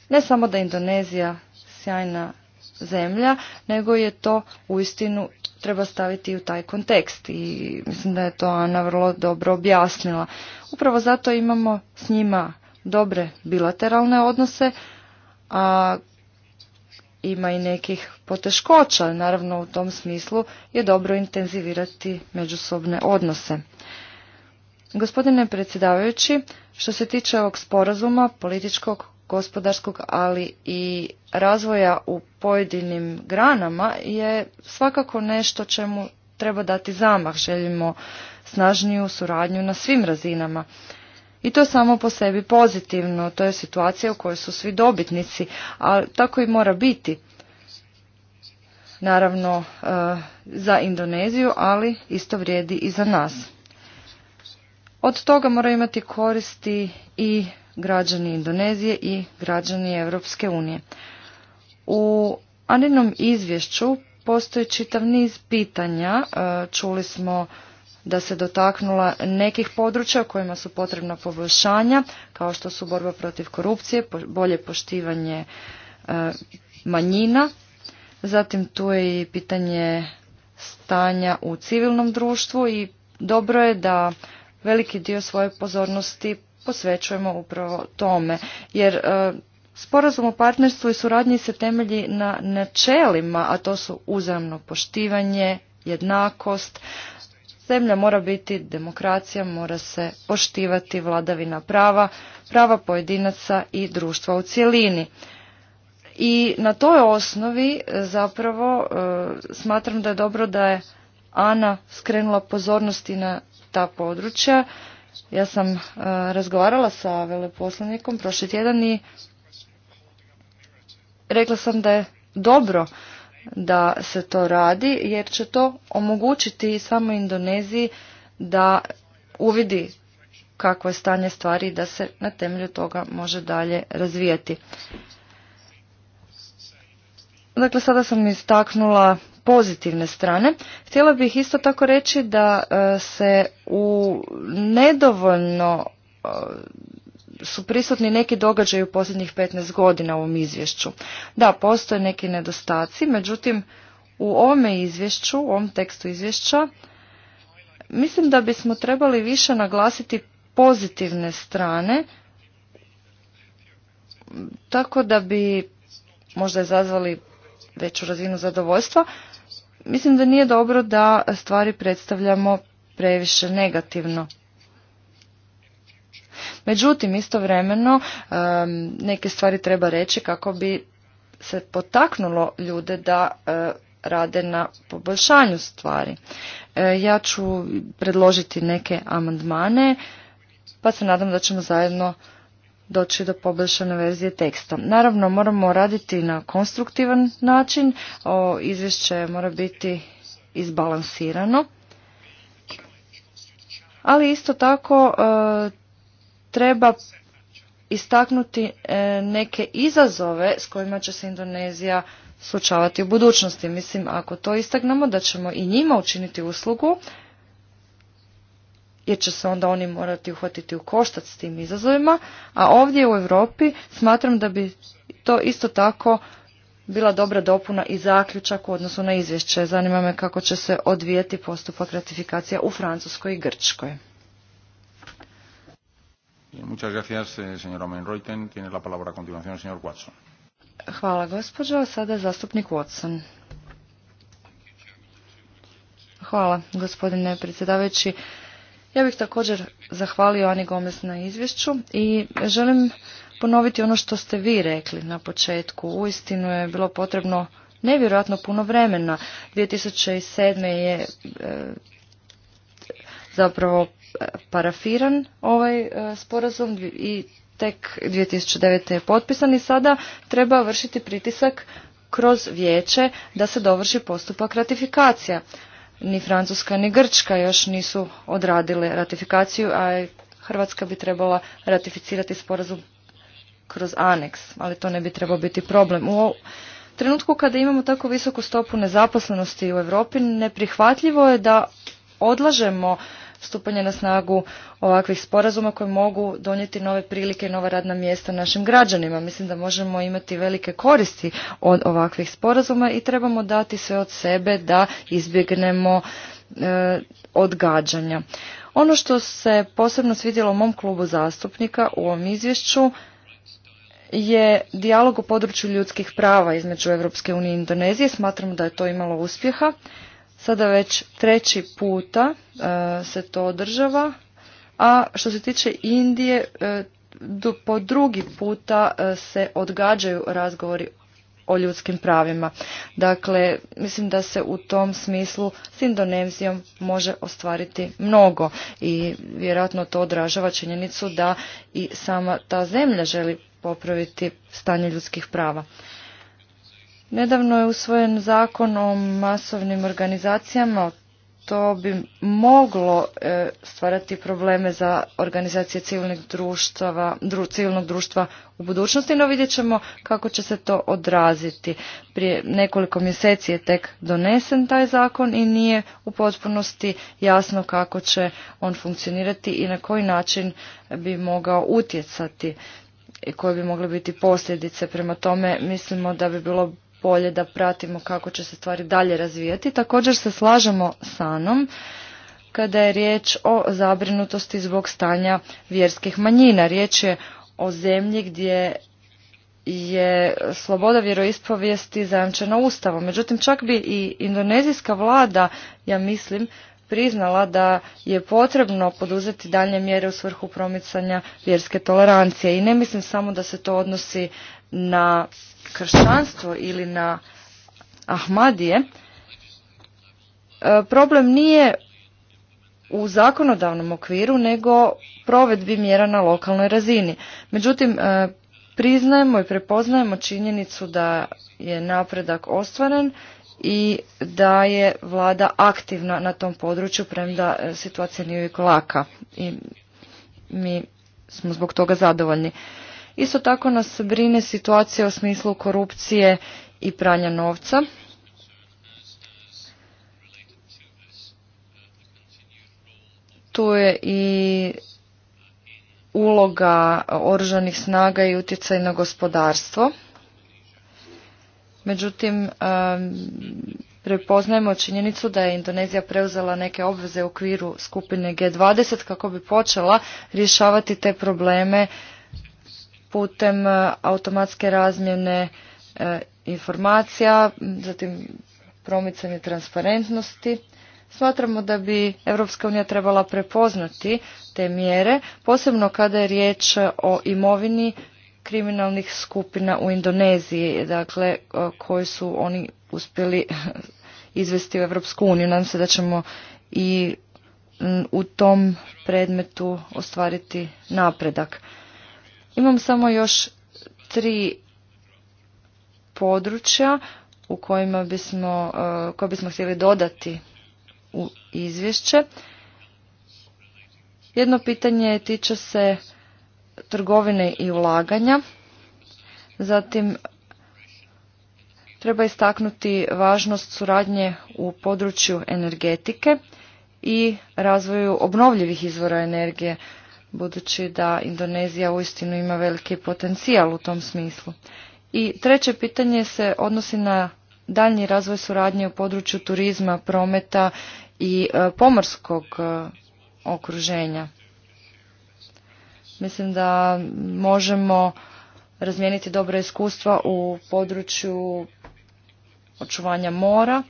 ne samo da je Indonezija sjajna zemlja, nego je to uistinu treba staviti u taj kontekst i mislim da je to Ana vrlo dobro objasnila. Upravo zato imamo s njima dobre bilateralne odnose, a ima i nekih poteškoća. Naravno, u tom smislu je dobro intenzivirati međusobne odnose. Gospodine predsjedavajući, što se tiče ovog sporazuma, političkog, gospodarskog, ali i razvoja u pojedinim granama je svakako nešto čemu treba dati zamah. Želimo snažniju suradnju na svim razinama. I to samo po sebi pozitivno, to je situacija u kojoj su svi dobitnici, a tako i mora biti. Naravno e, za Indoneziju, ali isto vrijedi i za nas. Od toga mora imati koristi i građani Indonezije i građani Europske unije. U Aninom izvješću postoji čitav niz pitanja, e, čuli smo da se dotaknula nekih područja kojima su potrebna poboljšanja, kao što su borba protiv korupcije, bolje poštivanje e, manjina, zatim tu je i pitanje stanja u civilnom društvu i dobro je da veliki dio svoje pozornosti posvećujemo upravo tome, jer e, Sporazum o partnerstvu i suradnji se temelji na načelima, a to su uzajamno poštivanje, jednakost, Zemlja mora biti demokracija, mora se poštivati vladavina prava, prava pojedinaca i društva u cjelini. I na toj osnovi e, zapravo e, smatram da je dobro da je Ana skrenula pozornosti na ta područja. Ja sam e, razgovarala sa veleposlanikom prošli tjedan i rekla sam da je dobro da se to radi jer će to omogućiti samo Indoneziji da uvidi kakvo je stanje stvari i da se na temelju toga može dalje razvijati. Dakle, sada sam istaknula pozitivne strane. Htjela bih isto tako reći da e, se u nedovoljno e, su prisutni neki događaji u posljednjih 15 godina u ovom izvješću. Da, postoje neki nedostaci, međutim u ovome izvješću, u ovom tekstu izvješća, mislim da bismo trebali više naglasiti pozitivne strane, tako da bi možda izazvali veću razinu zadovoljstva. Mislim da nije dobro da stvari predstavljamo previše negativno. Međutim, istovremeno neke stvari treba reći kako bi se potaknulo ljude da e, rade na poboljšanju stvari. E, ja ću predložiti neke amandmane, pa se nadam da ćemo zajedno doći do poboljšane verzije teksta. Naravno, moramo raditi na konstruktivan način, o, izvješće mora biti izbalansirano, ali isto tako e, treba istaknuti e, neke izazove s kojima će se Indonezija suočavati u budućnosti. Mislim, ako to istaknemo, da ćemo i njima učiniti uslugu, jer će se onda oni morati uhvatiti u koštac s tim izazovima, a ovdje u Europi smatram da bi to isto tako bila dobra dopuna i zaključak u odnosu na izvješće. Zanima me kako će se odvijeti postupak ratifikacija u Francuskoj i Grčkoj. Eh, Hvala, gospođo. Sada zastupnik Watson. Hvala, gospodine predsjedavajući. Ja bih također zahvalio Ani Gomez na izvješću i želim ponoviti ono što ste vi rekli na početku. Uistinu je bilo potrebno nevjerojatno puno vremena. 2007. je e, zapravo e, parafiran ovaj e, sporazum i tek 2009. je potpisan i sada treba vršiti pritisak kroz vijeće da se dovrši postupak ratifikacija. Ni Francuska ni Grčka još nisu odradile ratifikaciju, a Hrvatska bi trebala ratificirati sporazum kroz aneks, ali to ne bi trebao biti problem. U trenutku kada imamo tako visoku stopu nezaposlenosti u Europi, neprihvatljivo je da odlažemo stupanje na snagu ovakvih sporazuma koji mogu donijeti nove prilike i nova radna mjesta našim građanima. Mislim da možemo imati velike koristi od ovakvih sporazuma i trebamo dati sve od sebe da izbjegnemo e, odgađanja. Ono što se posebno svidjelo u mom klubu zastupnika u ovom izvješću je dijalog o području ljudskih prava između Europske unije i Indonezije. Smatram da je to imalo uspjeha. Sada već treći puta e, se to održava, a što se tiče Indije, e, po drugi puta e, se odgađaju razgovori o ljudskim pravima. Dakle, mislim da se u tom smislu s Indonezijom može ostvariti mnogo i vjerojatno to odražava činjenicu da i sama ta zemlja želi popraviti stanje ljudskih prava. Nedavno je usvojen zakon o masovnim organizacijama. To bi moglo e, stvarati probleme za organizacije civilnih civilnog društva u budućnosti, no vidjet ćemo kako će se to odraziti. Prije nekoliko mjeseci je tek donesen taj zakon i nije u potpunosti jasno kako će on funkcionirati i na koji način bi mogao utjecati i koje bi mogle biti posljedice. Prema tome mislimo da bi bilo bolje da pratimo kako će se stvari dalje razvijati. Također se slažemo sa Anom kada je riječ o zabrinutosti zbog stanja vjerskih manjina. Riječ je o zemlji gdje je sloboda vjeroispovijesti zajamčena ustavom. Međutim, čak bi i indonezijska vlada, ja mislim, priznala da je potrebno poduzeti dalje mjere u svrhu promicanja vjerske tolerancije. I ne mislim samo da se to odnosi na kršćanstvo ili na Ahmadije, e, problem nije u zakonodavnom okviru nego provedbi mjera na lokalnoj razini. Međutim, e, priznajemo i prepoznajemo činjenicu da je napredak ostvaren i da je vlada aktivna na tom području, premda e, situacija nije uvijek laka i mi smo zbog toga zadovoljni. Isto tako nas brine situacija u smislu korupcije i pranja novca. Tu je i uloga oružanih snaga i utjecaj na gospodarstvo. Međutim, prepoznajemo činjenicu da je Indonezija preuzela neke obveze u okviru skupine G20 kako bi počela rješavati te probleme putem e, automatske razmjene e, informacija, zatim promicanje transparentnosti. Smatramo da bi Europska unija trebala prepoznati te mjere, posebno kada je riječ o imovini kriminalnih skupina u Indoneziji, dakle e, koji su oni uspjeli <laughs> izvesti u Europsku uniju. Nadam se da ćemo i u tom predmetu ostvariti napredak. Imam samo još tri područja u kojima bismo, e, koje bismo htjeli dodati u izvješće. Jedno pitanje tiče se trgovine i ulaganja. Zatim treba istaknuti važnost suradnje u području energetike i razvoju obnovljivih izvora energije budući da Indonezija uistinu ima veliki potencijal u tom smislu. I treće pitanje se odnosi na daljnji razvoj suradnje u području turizma, prometa i e, pomorskog e, okruženja. Mislim da možemo razmijeniti dobra iskustva u području očuvanja mora,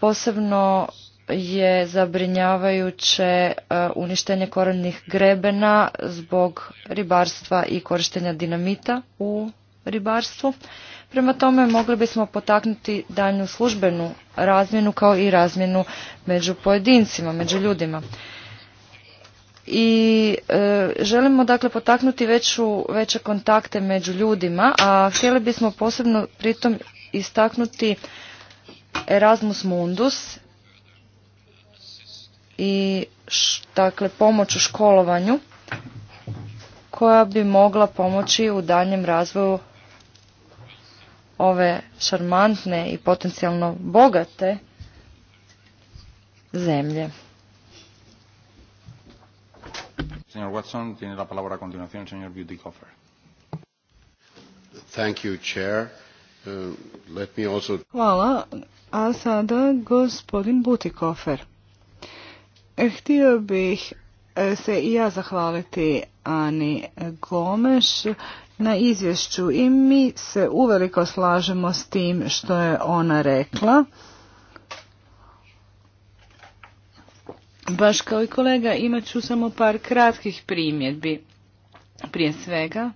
posebno je zabrinjavajuće e, uništenje korenih grebena zbog ribarstva i korištenja dinamita u ribarstvu. Prema tome mogli bismo potaknuti daljnju službenu razmjenu kao i razmjenu među pojedincima, među ljudima. I e, želimo dakle potaknuti veću, veće kontakte među ljudima, a htjeli bismo posebno pritom istaknuti Erasmus Mundus i dakle pomoć u školovanju koja bi mogla pomoći u daljem razvoju ove šarmantne i potencijalno bogate zemlje.
Señor Watson, tiene
la palabra a continuación señor Coffer. Thank you, Chair.
Uh, let me also... Hvala. A sada gospodin Butikofer. Htio bih e, se i ja zahvaliti Ani Gomeš na izvješću i mi se uveliko slažemo s tim što je ona rekla. Baš kao i kolega imat ću samo par kratkih primjedbi. Prije svega,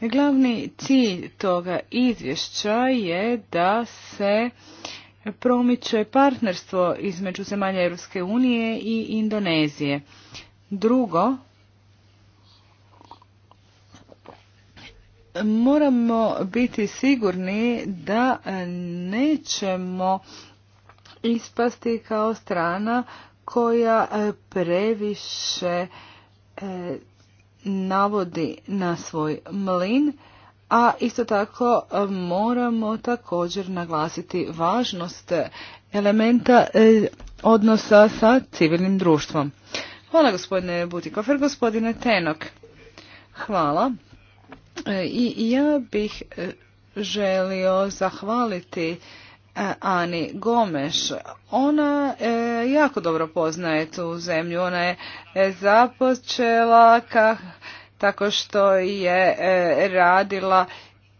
glavni cilj toga izvješća je da se promiče partnerstvo između zemalja Europske unije i Indonezije. Drugo, moramo biti sigurni da nećemo ispasti kao strana koja e, previše e, navodi na svoj mlin a isto tako e, moramo također naglasiti važnost elementa e, odnosa sa civilnim društvom. Hvala gospodine Butikofer, gospodine Tenok. Hvala. E, I ja bih želio zahvaliti Ani Gomeš. Ona jako dobro poznaje tu zemlju. Ona je započela tako što je e, radila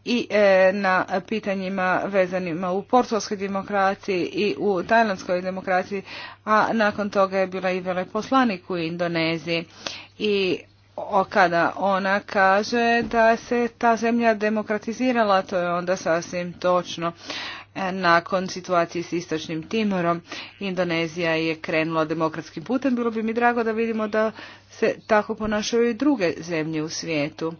i e, na pitanjima vezanima u portugalskoj demokraciji i u tajlandskoj demokraciji, a nakon toga je bila i veleposlanik u Indoneziji. I kada ona kaže da se ta zemlja demokratizirala, to je onda sasvim točno nakon situacije s istočnim Timorom. Indonezija je krenula demokratskim putem. Bilo bi mi drago da vidimo da se tako ponašaju i druge zemlje u svijetu.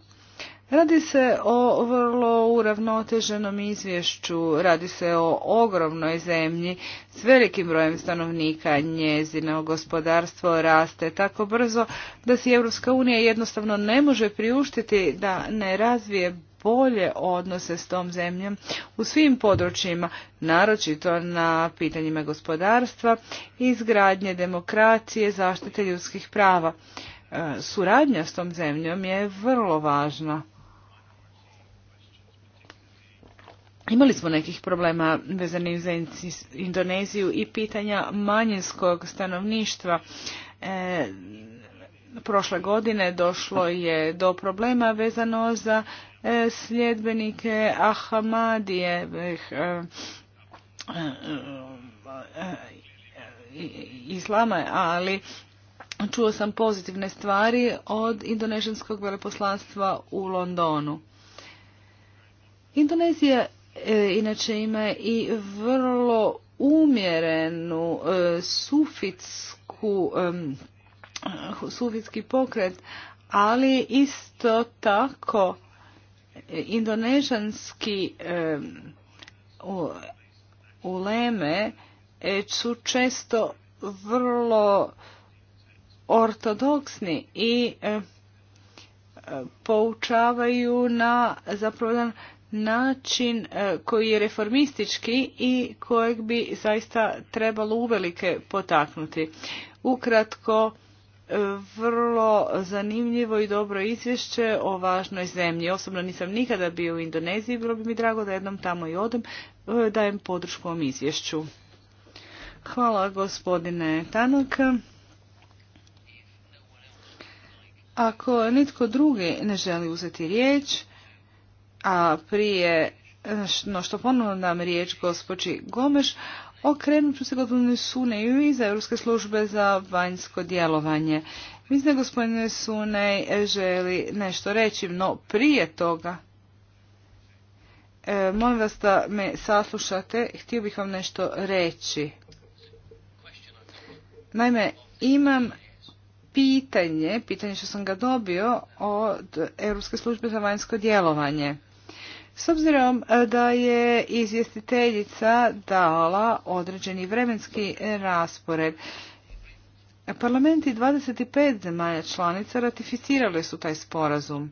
Radi se o vrlo uravnoteženom izvješću, radi se o ogromnoj zemlji s velikim brojem stanovnika, njezino gospodarstvo raste tako brzo da si Europska unija jednostavno ne može priuštiti da ne razvije bolje odnose s tom zemljom u svim područjima, naročito na pitanjima gospodarstva, izgradnje demokracije, zaštite ljudskih prava. E, suradnja s tom zemljom je vrlo važna. Imali smo nekih problema vezanih za Indoneziju i pitanja manjinskog stanovništva. E, prošle godine došlo je do problema vezano za e, sljedbenike Ahmadije e, e, islama, ali čuo sam pozitivne stvari od indonežanskog veleposlanstva u Londonu. Indonezija inače ima i vrlo umjerenu sufitsku Eh, sufijski pokret, ali isto tako eh, indonežanski eh, uleme su često vrlo ortodoksni i poučavaju na zapravo jedan način koji je reformistički i kojeg bi zaista trebalo uvelike potaknuti. Ukratko, vrlo zanimljivo i dobro izvješće o važnoj zemlji. Osobno nisam nikada bio u Indoneziji, bilo bi mi drago da jednom tamo i odem, e, dajem podršku ovom izvješću. Hvala gospodine tanak Ako nitko drugi ne želi uzeti riječ, a prije no što ponovno dam riječ gospođi Gomeš, Okrenut ću se Sunej, i iz Europske službe za vanjsko djelovanje. Mislim da gospodine Sunej želi nešto reći, no prije toga e, molim vas da me saslušate, htio bih vam nešto reći. Naime, imam pitanje, pitanje što sam ga dobio od Europske službe za vanjsko djelovanje. S obzirom e, da je izvjestiteljica dala određeni vremenski raspored, parlamenti 25 zemalja članica ratificirale su taj sporazum.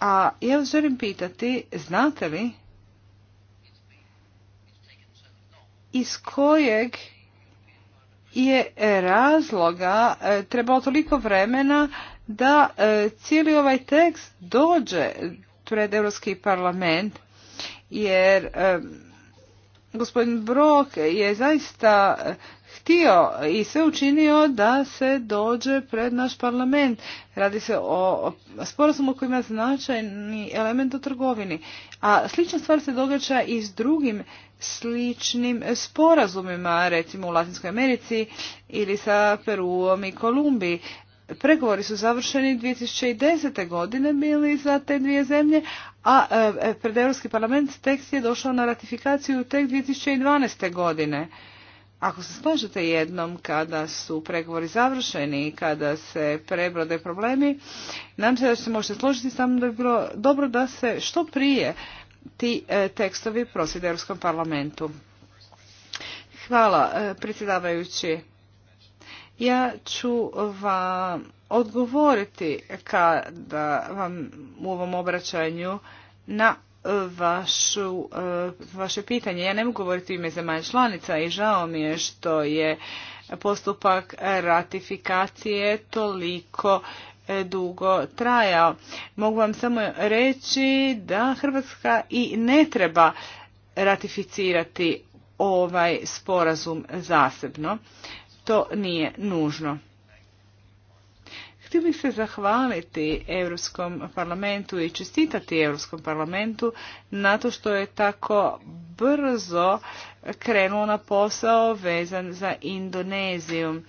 A ja vas želim pitati, znate li iz kojeg je razloga e, trebao toliko vremena da e, cijeli ovaj tekst dođe pred Europski parlament jer gospodin Brok je zaista htio i sve učinio da se dođe pred naš parlament. Radi se o sporazumu koji ima značajni element u trgovini. A slična stvar se događa i s drugim sličnim sporazumima, recimo u Latinskoj Americi ili sa Peruom i Kolumbiji. Pregovori su završeni 2010. godine bili za te dvije zemlje, a e, e, pred Europski parlament tekst je došao na ratifikaciju tek 2012. godine. Ako se slažete jednom kada su pregovori završeni i kada se prebrode problemi, nam se da se možete složiti samo da bi bilo dobro da se što prije ti e, tekstovi prosvjede Europskom parlamentu. Hvala, predsjedavajući. Ja ću vam odgovoriti kada vam u ovom obraćanju na vašu, e, vaše pitanje. Ja ne mogu govoriti ime zemalja članica i žao mi je što je postupak ratifikacije toliko e, dugo trajao. Mogu vam samo reći da Hrvatska i ne treba ratificirati ovaj sporazum zasebno to nije nužno. Htio bih se zahvaliti Europskom parlamentu i čestitati Europskom parlamentu na to što je tako brzo krenuo na posao vezan za Indoneziju.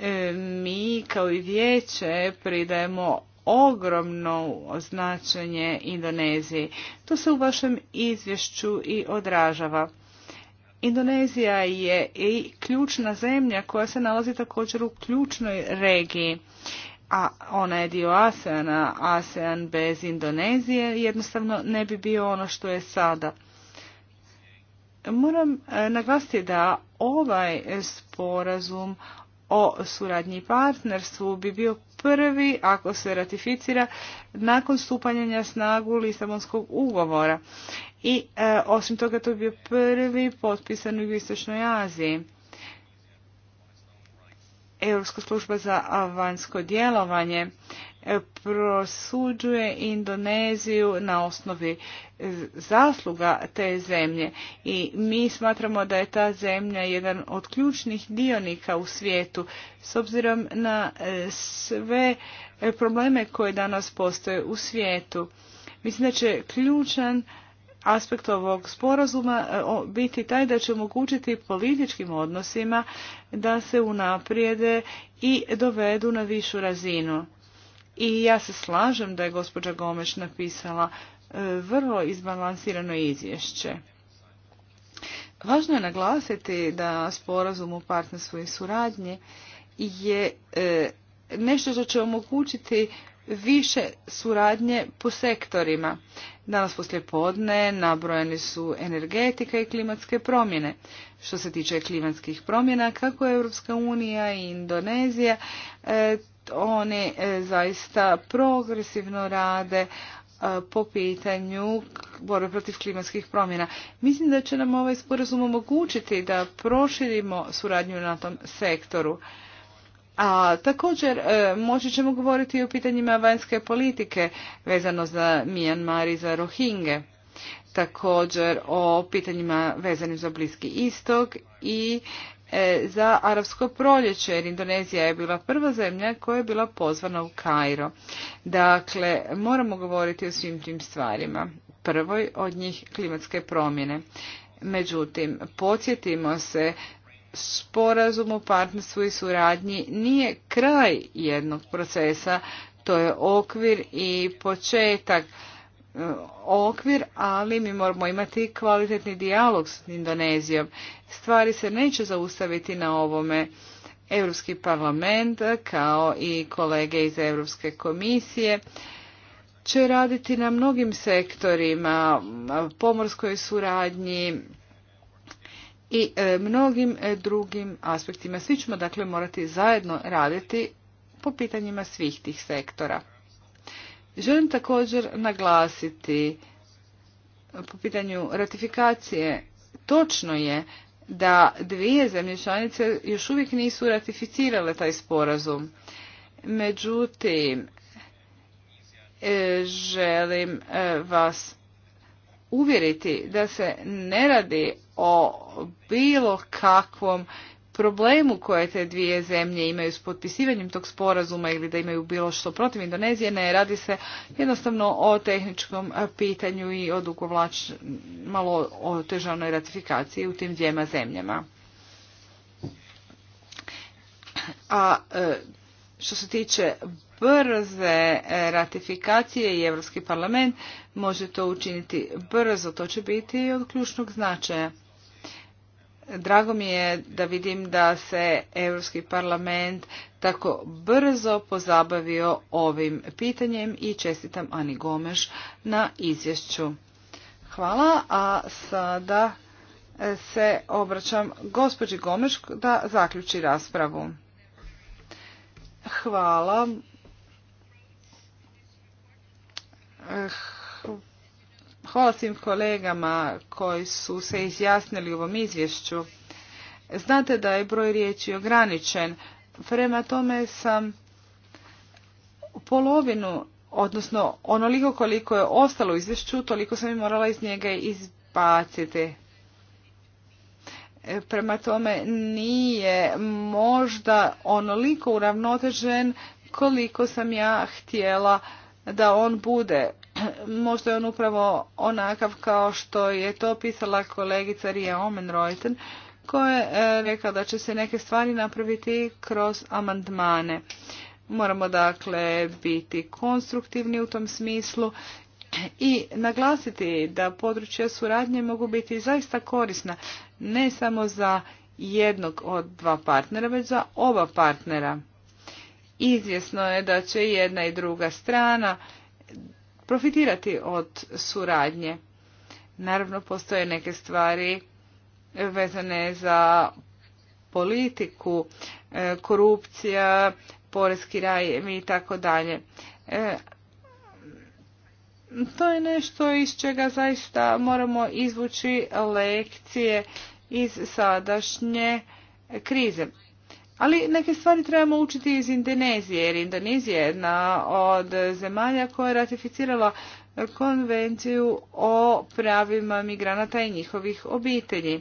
E, mi kao i vijeće pridajemo ogromno značenje Indoneziji. To se u vašem izvješću i odražava. Indonezija je i ključna zemlja koja se nalazi također u ključnoj regiji, a ona je dio ASEANA, ASEAN bez Indonezije jednostavno ne bi bio ono što je sada. Moram e, naglasiti da ovaj sporazum o suradnji i partnerstvu bi bio prvi ako se ratificira nakon stupanja snagu Lisabonskog ugovora. I e, osim toga to bi bio prvi potpisan u Istočnoj Aziji. Europska služba za vanjsko djelovanje prosuđuje Indoneziju na osnovi zasluga te zemlje i mi smatramo da je ta zemlja jedan od ključnih dionika u svijetu s obzirom na e, sve probleme koje danas postoje u svijetu. Mislim da će ključan aspekt ovog sporazuma e, biti taj da će omogućiti političkim odnosima da se unaprijede i dovedu na višu razinu. I ja se slažem da je gospođa Gomeš napisala e, vrlo izbalansirano izvješće. Važno je naglasiti da sporazum o partnerstvu i suradnji je e, nešto što će omogućiti više suradnje po sektorima. Danas poslije podne nabrojeni su energetika i klimatske promjene. Što se tiče klimatskih promjena, kako Europska unija i Indonezija e, oni e, zaista progresivno rade e, po pitanju borbe protiv klimatskih promjena. Mislim da će nam ovaj sporazum omogućiti da proširimo suradnju na tom sektoru. A također e, moći ćemo govoriti i o pitanjima vanjske politike vezano za Mijanmar i za Rohinge. Također o pitanjima vezanim za Bliski istok i E, za arapsko proljeće jer Indonezija je bila prva zemlja koja je bila pozvana u Kairo. Dakle, moramo govoriti o svim tim stvarima. Prvoj od njih klimatske promjene. Međutim, podsjetimo se sporazum o partnerstvu i suradnji nije kraj jednog procesa, to je okvir i početak okvir, ali mi moramo imati kvalitetni dijalog s Indonezijom. Stvari se neće zaustaviti na ovome. Europski parlament kao i kolege iz Europske komisije će raditi na mnogim sektorima, pomorskoj suradnji i e, mnogim e, drugim aspektima. Svi ćemo dakle morati zajedno raditi po pitanjima svih tih sektora. Želim također naglasiti eh, po pitanju ratifikacije. Točno je da dvije zemlje članice još uvijek nisu ratificirale taj sporazum. Međutim, eh, želim eh, vas uvjeriti da se ne radi o bilo kakvom problemu koje te dvije zemlje imaju s potpisivanjem tog sporazuma ili da imaju bilo što protiv Indonezije, ne radi se jednostavno o tehničkom pitanju i o dugovlač, malo otežanoj ratifikaciji u tim dvijema zemljama. A e, što se tiče brze ratifikacije i Europski parlament može to učiniti brzo, to će biti od ključnog značaja. Drago mi je da vidim da se Europski parlament tako brzo pozabavio ovim pitanjem i čestitam Ani Gomeš na izvješću. Hvala, a sada se obraćam gospođi Gomeš da zaključi raspravu. Hvala. Eh, Hvala svim kolegama koji su se izjasnili u ovom izvješću. Znate da je broj riječi ograničen. Prema tome sam polovinu, odnosno onoliko koliko je ostalo u izvješću, toliko sam i morala iz njega izbaciti. E, prema tome nije možda onoliko uravnotežen koliko sam ja htjela da on bude možda je on upravo onakav kao što je to pisala kolegica Rija Omenreuten, koja je e, rekla da će se neke stvari napraviti kroz amandmane. Moramo dakle biti konstruktivni u tom smislu i naglasiti da područja suradnje mogu biti zaista korisna ne samo za jednog od dva partnera, već za oba partnera. Izvjesno je da će jedna i druga strana profitirati od suradnje. Naravno, postoje neke stvari vezane za politiku, e, korupcija, porezki raj i tako dalje. E, to je nešto iz čega zaista moramo izvući lekcije iz sadašnje krize. Ali neke stvari trebamo učiti iz Indonezije, jer Indonezija je jedna od zemalja koja je ratificirala konvenciju o pravima migranata i njihovih obitelji.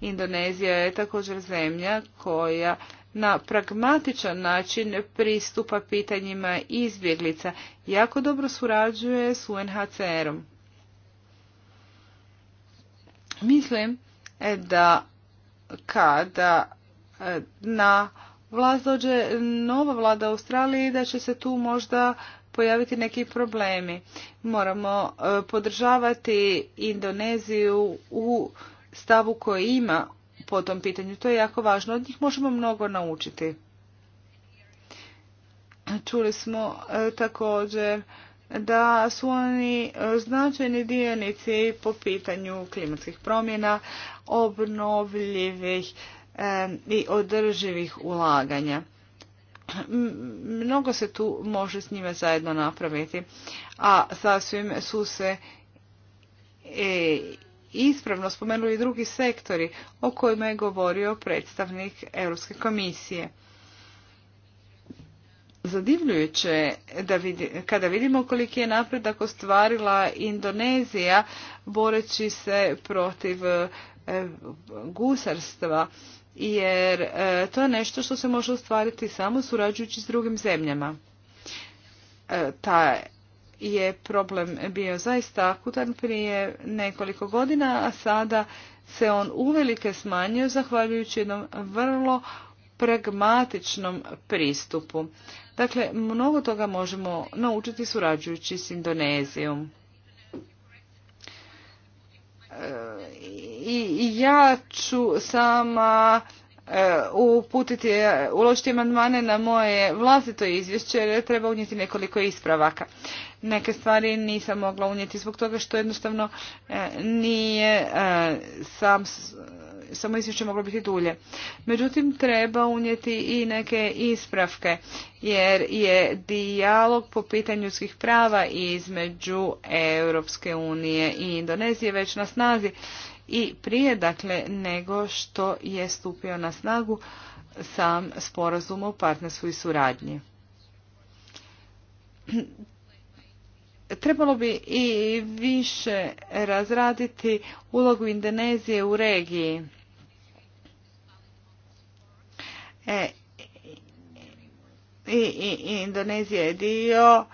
Indonezija je također zemlja koja na pragmatičan način pristupa pitanjima izbjeglica, jako dobro surađuje s UNHCR-om. Mislim e, da kada na vlast dođe nova vlada Australije da će se tu možda pojaviti neki problemi. Moramo e, podržavati Indoneziju u stavu koji ima po tom pitanju. To je jako važno. Od njih možemo mnogo naučiti. Čuli smo e, također da su oni e, značajni dionici po pitanju klimatskih promjena, obnovljivih i održivih ulaganja. Mnogo se tu može s njime zajedno napraviti, a sasvim su se e, ispravno spomenuli i drugi sektori o kojima je govorio predstavnik Europske komisije. Zadivljujuće kada vidimo koliki je napredak ostvarila Indonezija boreći se protiv e, gusarstva jer e, to je nešto što se može ostvariti samo surađujući s drugim zemljama. E, Ta je problem bio zaista akutan prije nekoliko godina, a sada se on uvelike smanjio zahvaljujući jednom vrlo pragmatičnom pristupu. Dakle, mnogo toga možemo naučiti surađujući s Indonezijom. E, i ja ću sama e, uputiti, e, uložiti amandmane na moje vlastito izvješće jer treba unijeti nekoliko ispravaka. Neke stvari nisam mogla unijeti zbog toga što jednostavno e, nije sam, samo izvješće moglo biti dulje. Međutim, treba unijeti i neke ispravke jer je dijalog po pitanju ljudskih prava između Europske unije i Indonezije već na snazi i prije dakle nego što je stupio na snagu sam sporazum o partnerstvu i suradnji. Trebalo bi i više razraditi ulogu Indonezije u regiji. E, i, Indonezija je dio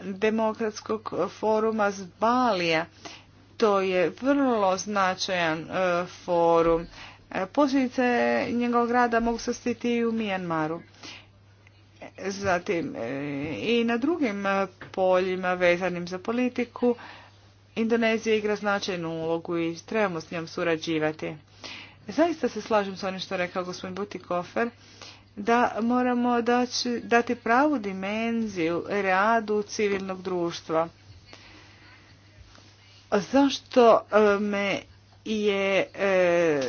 demokratskog foruma Zbalija to je vrlo značajan e, forum. E, posljedice njegovog rada mogu stiti i u Mijanmaru. Zatim e, i na drugim poljima vezanim za politiku Indonezija igra značajnu ulogu i trebamo s njom surađivati. Zaista se slažem s onim što rekao gospodin Butikofer da moramo dati pravu dimenziju radu civilnog društva. Zašto e, me je e,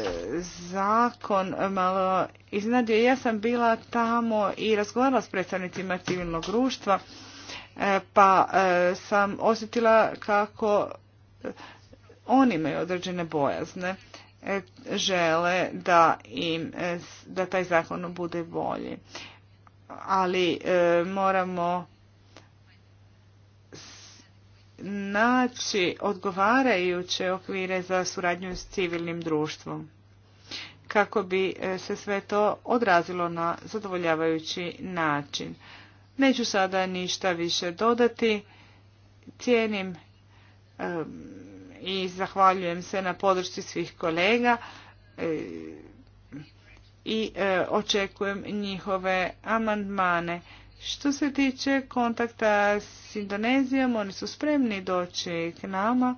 zakon malo iznadio. Ja sam bila tamo i razgovarala s predstavnicima civilnog društva, e, pa sam osjetila kako oni imaju određene bojazne, žele da im da taj zakon bude bolji. Ali moramo naći odgovarajuće okvire za suradnju s civilnim društvom kako bi e, se sve to odrazilo na zadovoljavajući način. Neću sada ništa više dodati. Cijenim i zahvaljujem se na podršci svih kolega e, i e, očekujem njihove amandmane. Što se tiče kontakta s Indonezijom, oni su spremni doći k nama.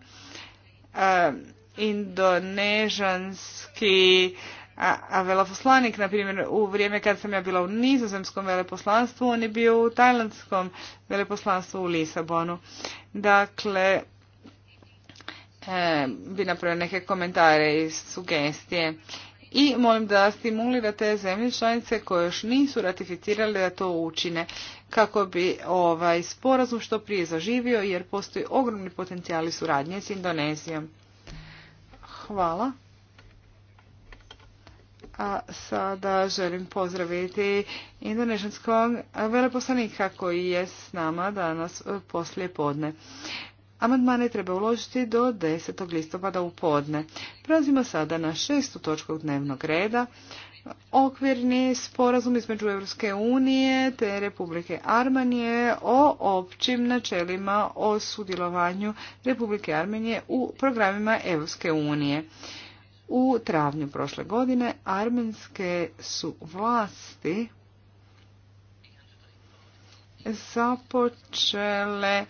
E, indonežanski a, na primjer, u vrijeme kad sam ja bila u nizozemskom veleposlanstvu, on je bio u tajlandskom veleposlanstvu u Lisabonu. Dakle, e, bi napravio neke komentare i sugestije i molim da te zemlje članice koje još nisu ratificirale da to učine kako bi ovaj sporazum što prije zaživio jer postoji ogromni potencijali suradnje s Indonezijom. Hvala. A sada želim pozdraviti indonežanskog veleposlanika koji je s nama danas poslije podne. Amandmane treba uložiti do 10. listopada u podne. Prelazimo sada na šestu točku dnevnog reda. Okvirni sporazum između Europske unije te Republike Armanije o općim načelima o sudjelovanju Republike Armenije u programima Europske unije. U travnju prošle godine armenske su vlasti započele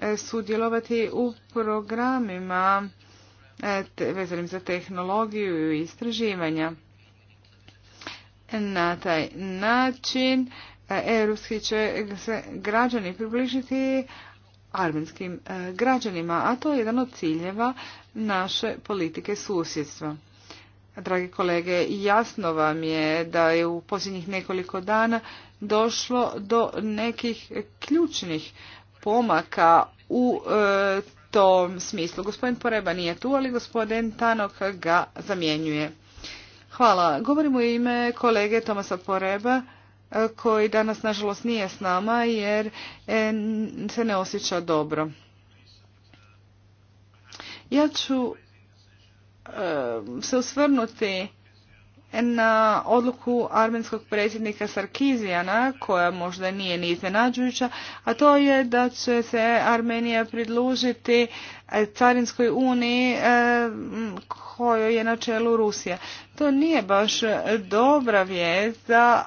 E, sudjelovati u programima e, vezanim za tehnologiju i istraživanja. Na taj način e, europski će se građani približiti armenskim građanima, a to je jedan od ciljeva naše politike susjedstva. Dragi kolege, jasno vam je da je u posljednjih nekoliko dana došlo do nekih ključnih pomaka u e, tom smislu. Gospodin Poreba nije tu, ali gospodin Tanok ga zamjenjuje. Hvala. Govorimo u ime kolege Tomasa Poreba e, koji danas nažalost nije s nama jer e, se ne osjeća dobro. Ja ću se osvrnuti na odluku armenskog predsjednika Sarkizijana, koja možda nije ni iznenađujuća, a to je da će se Armenija pridlužiti e, Carinskoj uniji e, kojoj je na čelu Rusija. To nije baš dobra vijest za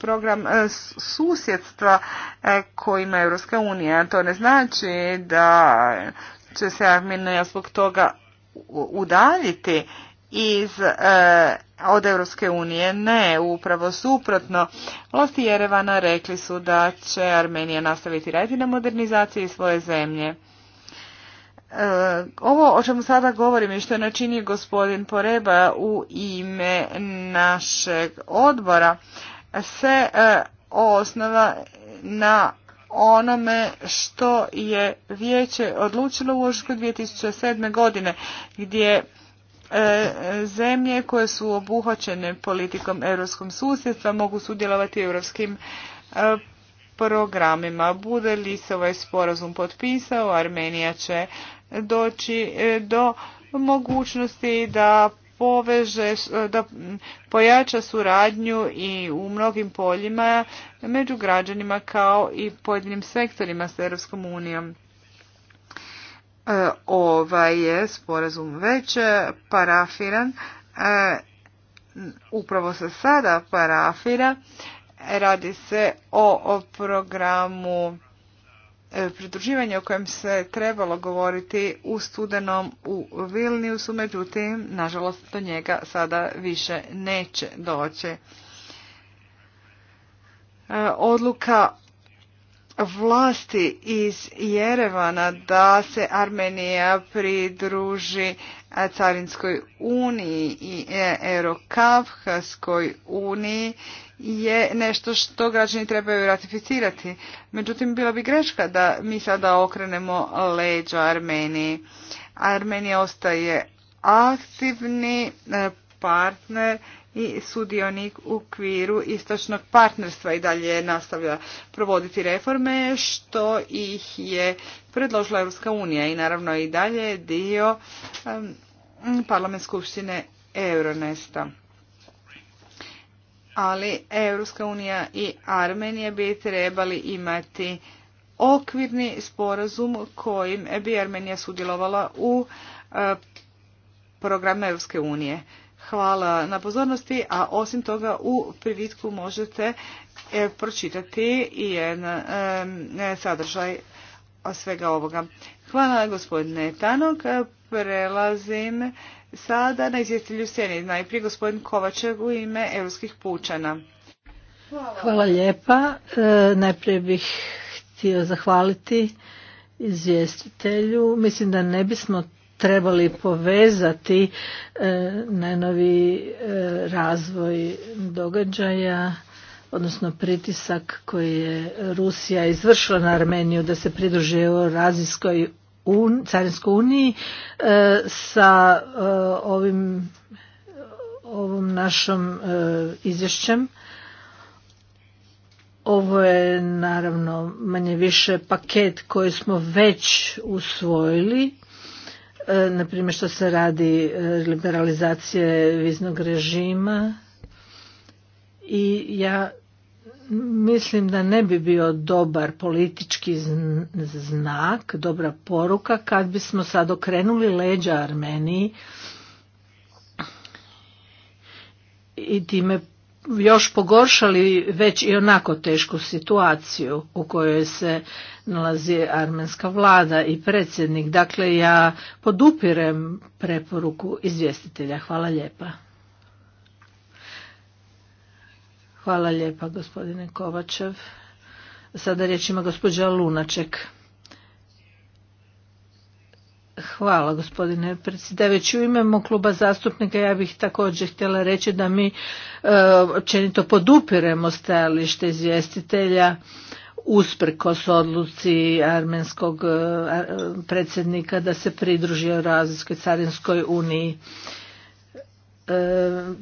program e, susjedstva kojima Europska unija. To ne znači da će se Armenija zbog toga udaljiti iz e, od Europske unije. Ne, upravo suprotno. Vlasti Jerevana rekli su da će Armenija nastaviti raditi na modernizaciji svoje zemlje. E, ovo o čemu sada govorim i što je načinio gospodin Poreba u ime našeg odbora se e, osnova na onome što je vijeće odlučilo u ožujku 2007. godine gdje e, zemlje koje su obuhvaćene politikom europskog susjedstva mogu sudjelovati u europskim e, programima. Bude li se ovaj sporazum potpisao, Armenija će doći e, do mogućnosti da poveže, da pojača suradnju i u mnogim poljima među građanima kao i pojedinim sektorima s Europskom unijom. E, ovaj je sporazum već parafiran, e, upravo se sada parafira, radi se o programu E, pridruživanje o kojem se trebalo govoriti u studenom u Vilniusu, međutim, nažalost, do njega sada više neće doći. E, odluka vlasti iz Jerevana da se Armenija pridruži e, Carinskoj uniji i Eurokavhaskoj uniji je nešto što građani trebaju ratificirati. Međutim, bila bi greška da mi sada okrenemo leđa Armeniji. Armenija ostaje aktivni e, partner i sudionik u okviru istočnog partnerstva i dalje nastavlja provoditi reforme što ih je predložila Europska unija i naravno i dalje je dio parlament skupštine Euronesta ali Europska unija i Armenija bi trebali imati okvirni sporazum kojim bi Armenija sudjelovala u e, programu Europske unije. Hvala na pozornosti, a osim toga u privitku možete e, pročitati i jedan e, sadržaj svega ovoga. Hvala gospodine Tanog. Prelazim sada na izvjestitelju sjeni. Najprije gospodin Kovačev u ime Europskih pučana.
Hvala, lijepa. E, najprije bih htio zahvaliti izvjestitelju. Mislim da ne bismo trebali povezati e, najnovi e, razvoj događaja odnosno pritisak koji je Rusija izvršila na Armeniju da se pridruži Razijskoj un, carinskoj uniji e, sa e, ovim ovom našom e, izvješćem. Ovo je naravno manje više paket koji smo već usvojili, e, na što se radi liberalizacije viznog režima i ja mislim da ne bi bio dobar politički znak, dobra poruka kad bismo sad okrenuli leđa Armeniji i time još pogoršali već i onako tešku situaciju u kojoj se nalazi armenska vlada i predsjednik. Dakle, ja podupirem preporuku izvjestitelja. Hvala lijepa. Hvala lijepa gospodine Kovačev. Sada riječ ima gospođa Lunaček. Hvala gospodine predsjedavajući. U ime kluba zastupnika ja bih također htjela reći da mi e, općenito podupiremo stajalište izvjestitelja usprkos odluci armenskog e, predsjednika da se pridruži Eurazijskoj carinskoj uniji. E,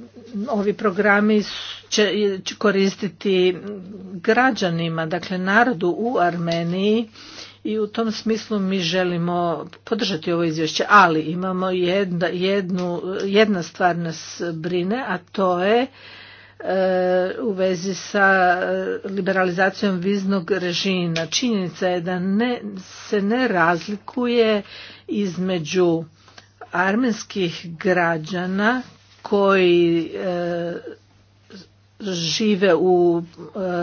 ovi programi će koristiti građanima, dakle narodu u Armeniji i u tom smislu mi želimo podržati ovo izvješće, ali imamo jedna, jednu, stvar nas brine, a to je e, u vezi sa e, liberalizacijom viznog režima. Činjenica je da se ne razlikuje između armenskih građana koji e, žive u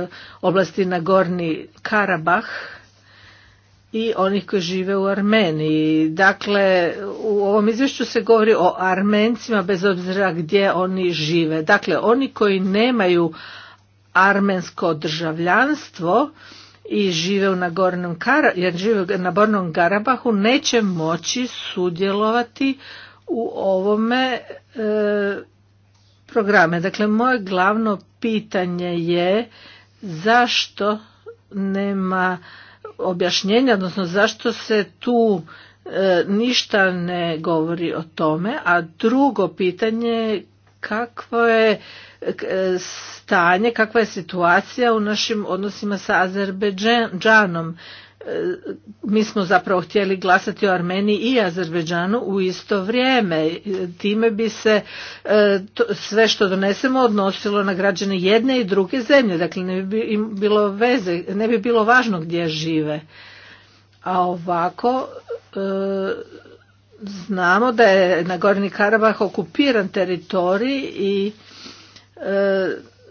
e, oblasti na Gorni Karabah i onih koji žive u Armeniji. Dakle, u ovom izvješću se govori o Armencima bez obzira gdje oni žive. Dakle, oni koji nemaju armensko državljanstvo i žive u Nagornom jer žive na Bornom Karabahu neće moći sudjelovati u ovome e, programe. Dakle, moje glavno pitanje je zašto nema objašnjenja, odnosno zašto se tu e, ništa ne govori o tome, a drugo pitanje je kakvo je e, stanje, kakva je situacija u našim odnosima sa Azerbeđanom. E, mi smo zapravo htjeli glasati o Armeniji i Azerbeđanu u isto vrijeme. E, time bi se e, sve što donesemo odnosilo na građane jedne i druge zemlje. Dakle, ne bi, bilo veze, ne bi bilo važno gdje žive. A ovako znamo da je Nagorni Karabah okupiran teritorij i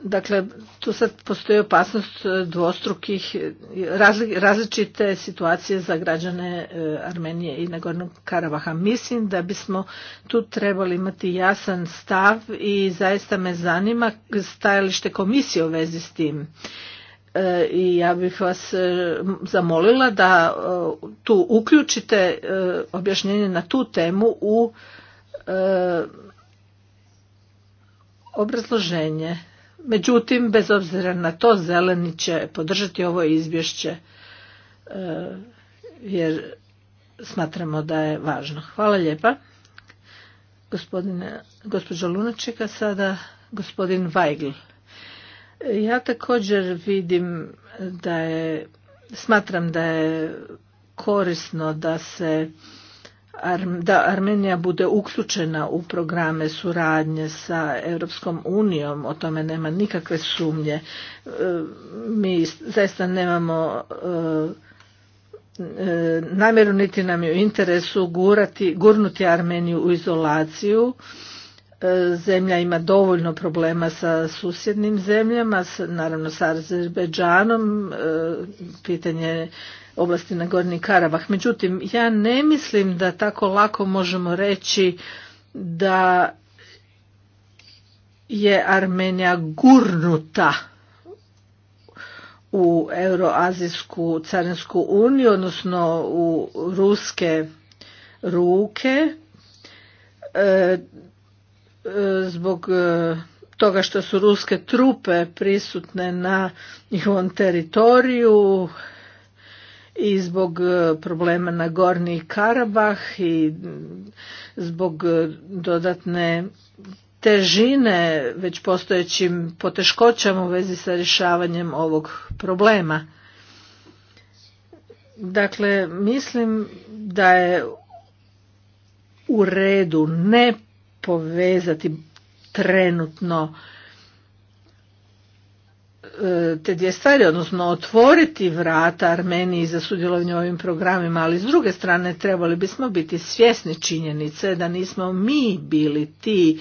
Dakle, tu sad postoji opasnost e, dvostrukih, e, različite situacije za građane e, Armenije i Nagornog Karavaha. Mislim da bismo tu trebali imati jasan stav i zaista me zanima stajalište komisije u vezi s tim. I ja bih vas zamolila da tu uključite objašnjenje na tu temu u obrazloženje Međutim, bez obzira na to, zeleni će podržati ovo izvješće e, jer smatramo da je važno. Hvala lijepa. Gospodine, gospođo Lunačeka, sada gospodin Vajgl. Ja također vidim da je, smatram da je korisno da se da Armenija bude uključena u programe suradnje sa Europskom unijom, o tome nema nikakve sumnje. E, mi zaista nemamo e, e, namjeru niti nam je u interesu gurati, gurnuti Armeniju u izolaciju. Zemlja ima dovoljno problema sa susjednim zemljama, naravno sa Azerbeđanom, pitanje oblasti na Gornji Karabah. Međutim, ja ne mislim da tako lako možemo reći da je Armenija gurnuta u Euroazijsku carinsku uniju, odnosno u ruske ruke, e, zbog e, toga što su ruske trupe prisutne na njihovom teritoriju i zbog e, problema na Gornji Karabah i zbog e, dodatne težine već postojećim poteškoćama u vezi sa rješavanjem ovog problema. Dakle, mislim da je u redu ne povezati trenutno E, te dvije stvari, odnosno otvoriti vrata Armeniji za sudjelovanje u ovim programima, ali s druge strane trebali bismo biti svjesni činjenice da nismo mi bili ti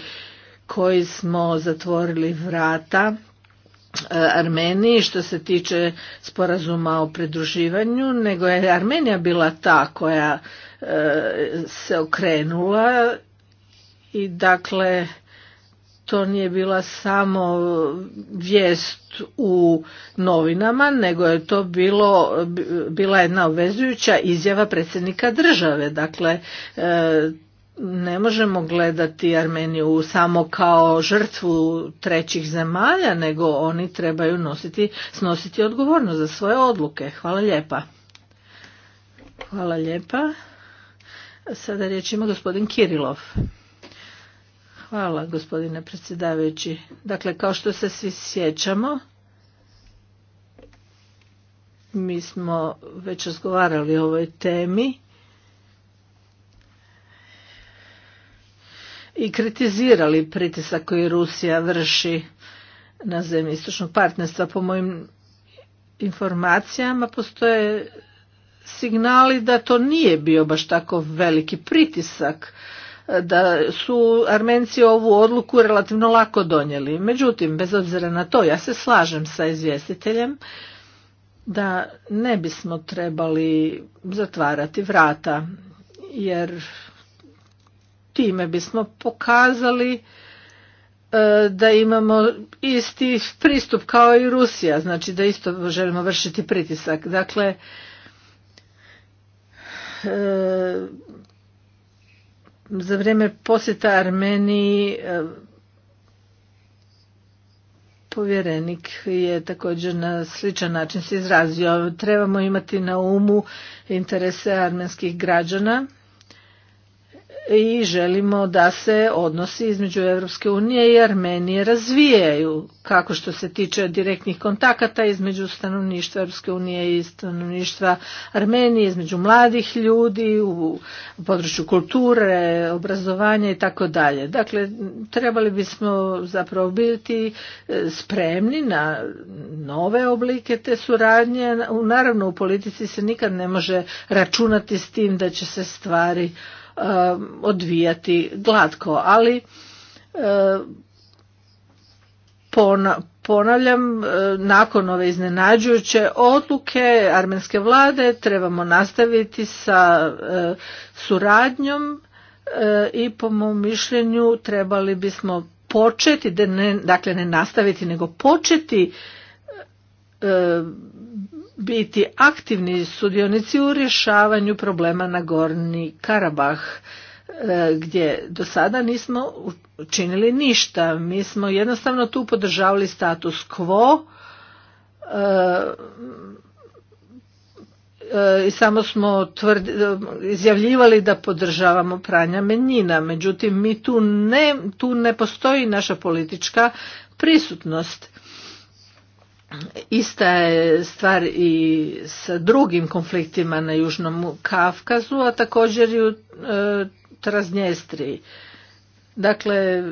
koji smo zatvorili vrata e, Armeniji što se tiče sporazuma o pridruživanju, nego je Armenija bila ta koja e, se okrenula i dakle to nije bila samo vijest u novinama, nego je to bilo, bila jedna obvezujuća izjava predsjednika države. Dakle, e, ne možemo gledati Armeniju samo kao žrtvu trećih zemalja, nego oni trebaju nositi, snositi odgovornost za svoje odluke. Hvala lijepa. Hvala lijepa. Sada riječ ima gospodin Kirilov. Hvala gospodine predsjedavajući. Dakle, kao što se svi sjećamo, mi smo već razgovarali o ovoj temi i kritizirali pritisak koji Rusija vrši na zemlji istočnog partnerstva. Po mojim informacijama postoje signali da to nije bio baš tako veliki pritisak da su Armenci ovu odluku relativno lako donijeli. Međutim, bez obzira na to, ja se slažem sa izvjestiteljem da ne bismo trebali zatvarati vrata, jer time bismo pokazali e, da imamo isti pristup kao i Rusija, znači da isto želimo vršiti pritisak. Dakle, e, za vrijeme posjeta Armeniji e, povjerenik je također na sličan način se izrazio. Trebamo imati na umu interese armenskih građana i želimo da se odnosi između Europske unije i Armenije razvijaju kako što se tiče direktnih kontakata između stanovništva Europske unije i stanovništva Armenije, između mladih ljudi u području kulture, obrazovanja i tako dalje. Dakle, trebali bismo zapravo biti e, spremni na nove oblike te suradnje. Naravno, u politici se nikad ne može računati s tim da će se stvari Um, odvijati glatko, ali um, ponavljam, um, nakon ove iznenađujuće odluke armenske vlade trebamo nastaviti sa suradnjom i po mom mišljenju trebali bismo početi, dakle ne nastaviti, nego početi biti aktivni sudionici u rješavanju problema na Gorni Karabah e, gdje do sada nismo učinili ništa. Mi smo jednostavno tu podržavali status quo e, e, i samo smo izjavljivali da podržavamo pranja menjina. Međutim, mi tu ne, tu ne postoji naša politička prisutnost Ista je stvar i sa drugim konfliktima na Južnom Kafkazu, a također i u e, Traznjestriji. Dakle,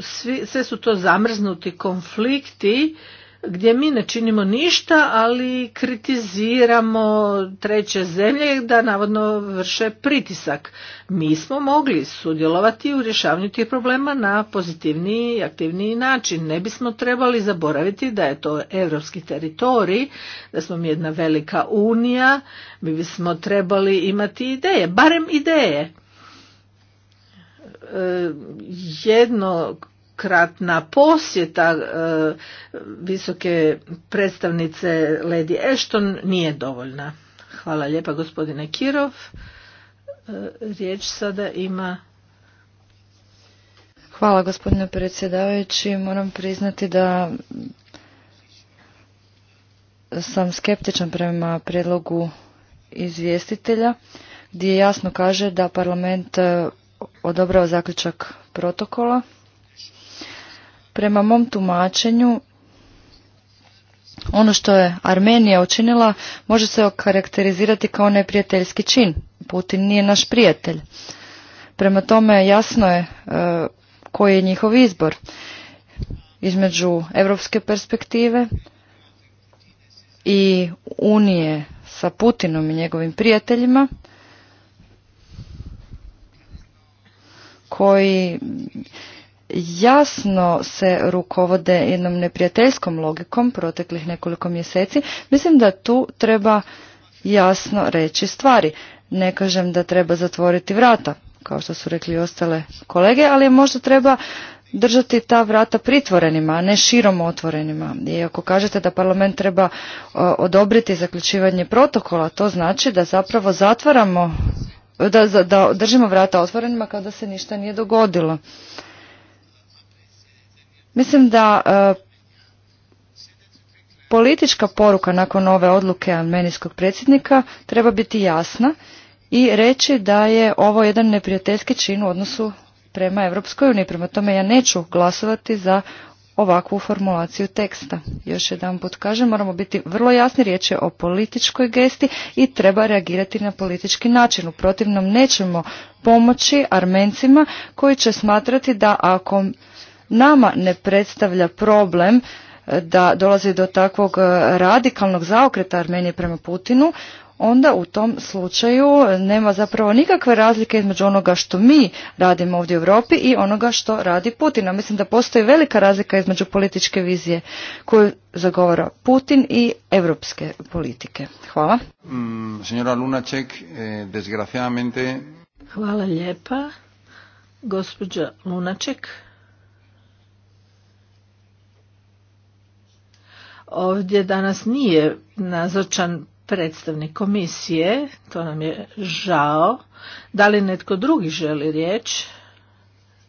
svi, sve su to zamrznuti konflikti gdje mi ne činimo ništa, ali kritiziramo treće zemlje da navodno vrše pritisak. Mi smo mogli sudjelovati u rješavanju tih problema na pozitivniji i aktivniji način. Ne bismo trebali zaboraviti da je to europski teritorij, da smo mi jedna velika unija, mi bismo trebali imati ideje, barem ideje e, jedno kratna posjeta e, visoke predstavnice Lady Ashton nije dovoljna. Hvala lijepa gospodine Kirov. E, riječ sada ima
Hvala gospodine predsjedavajući. Moram priznati da sam skeptičan prema predlogu izvjestitelja gdje jasno kaže da parlament e, odobrao zaključak protokola Prema mom tumačenju, ono što je Armenija učinila može se okarakterizirati kao neprijateljski čin. Putin nije naš prijatelj. Prema tome jasno je e, koji je njihov izbor između europske perspektive i unije sa Putinom i njegovim prijateljima koji jasno se rukovode jednom neprijateljskom logikom proteklih nekoliko mjeseci, mislim da tu treba jasno reći stvari. Ne kažem da treba zatvoriti vrata, kao što su rekli ostale kolege, ali možda treba držati ta vrata pritvorenima, a ne širom otvorenima. I ako kažete da parlament treba e, odobriti zaključivanje protokola, to znači da zapravo zatvaramo, da, da držimo vrata otvorenima kada se ništa nije dogodilo. Mislim da e, politička poruka nakon ove odluke armenijskog predsjednika treba biti jasna i reći da je ovo jedan neprijateljski čin u odnosu prema Europskoj uniji. Prema tome ja neću glasovati za ovakvu formulaciju teksta. Još jedan put kažem, moramo biti vrlo jasni, riječ je o političkoj gesti i treba reagirati na politički način. U protivnom nećemo pomoći Armencima koji će smatrati da ako nama ne predstavlja problem e, da dolazi do takvog e, radikalnog zaokreta Armenije prema Putinu, onda u tom slučaju nema zapravo nikakve razlike između onoga što mi radimo ovdje u Europi i onoga što radi a Mislim da postoji velika razlika između političke vizije koju zagovara Putin i europske politike. Hvala. Mm, Senjora Lunaček, eh,
Hvala lijepa. Gospođa Lunaček, Ovdje danas nije nazočan predstavnik komisije, to nam je žao. Da li netko drugi želi riječ?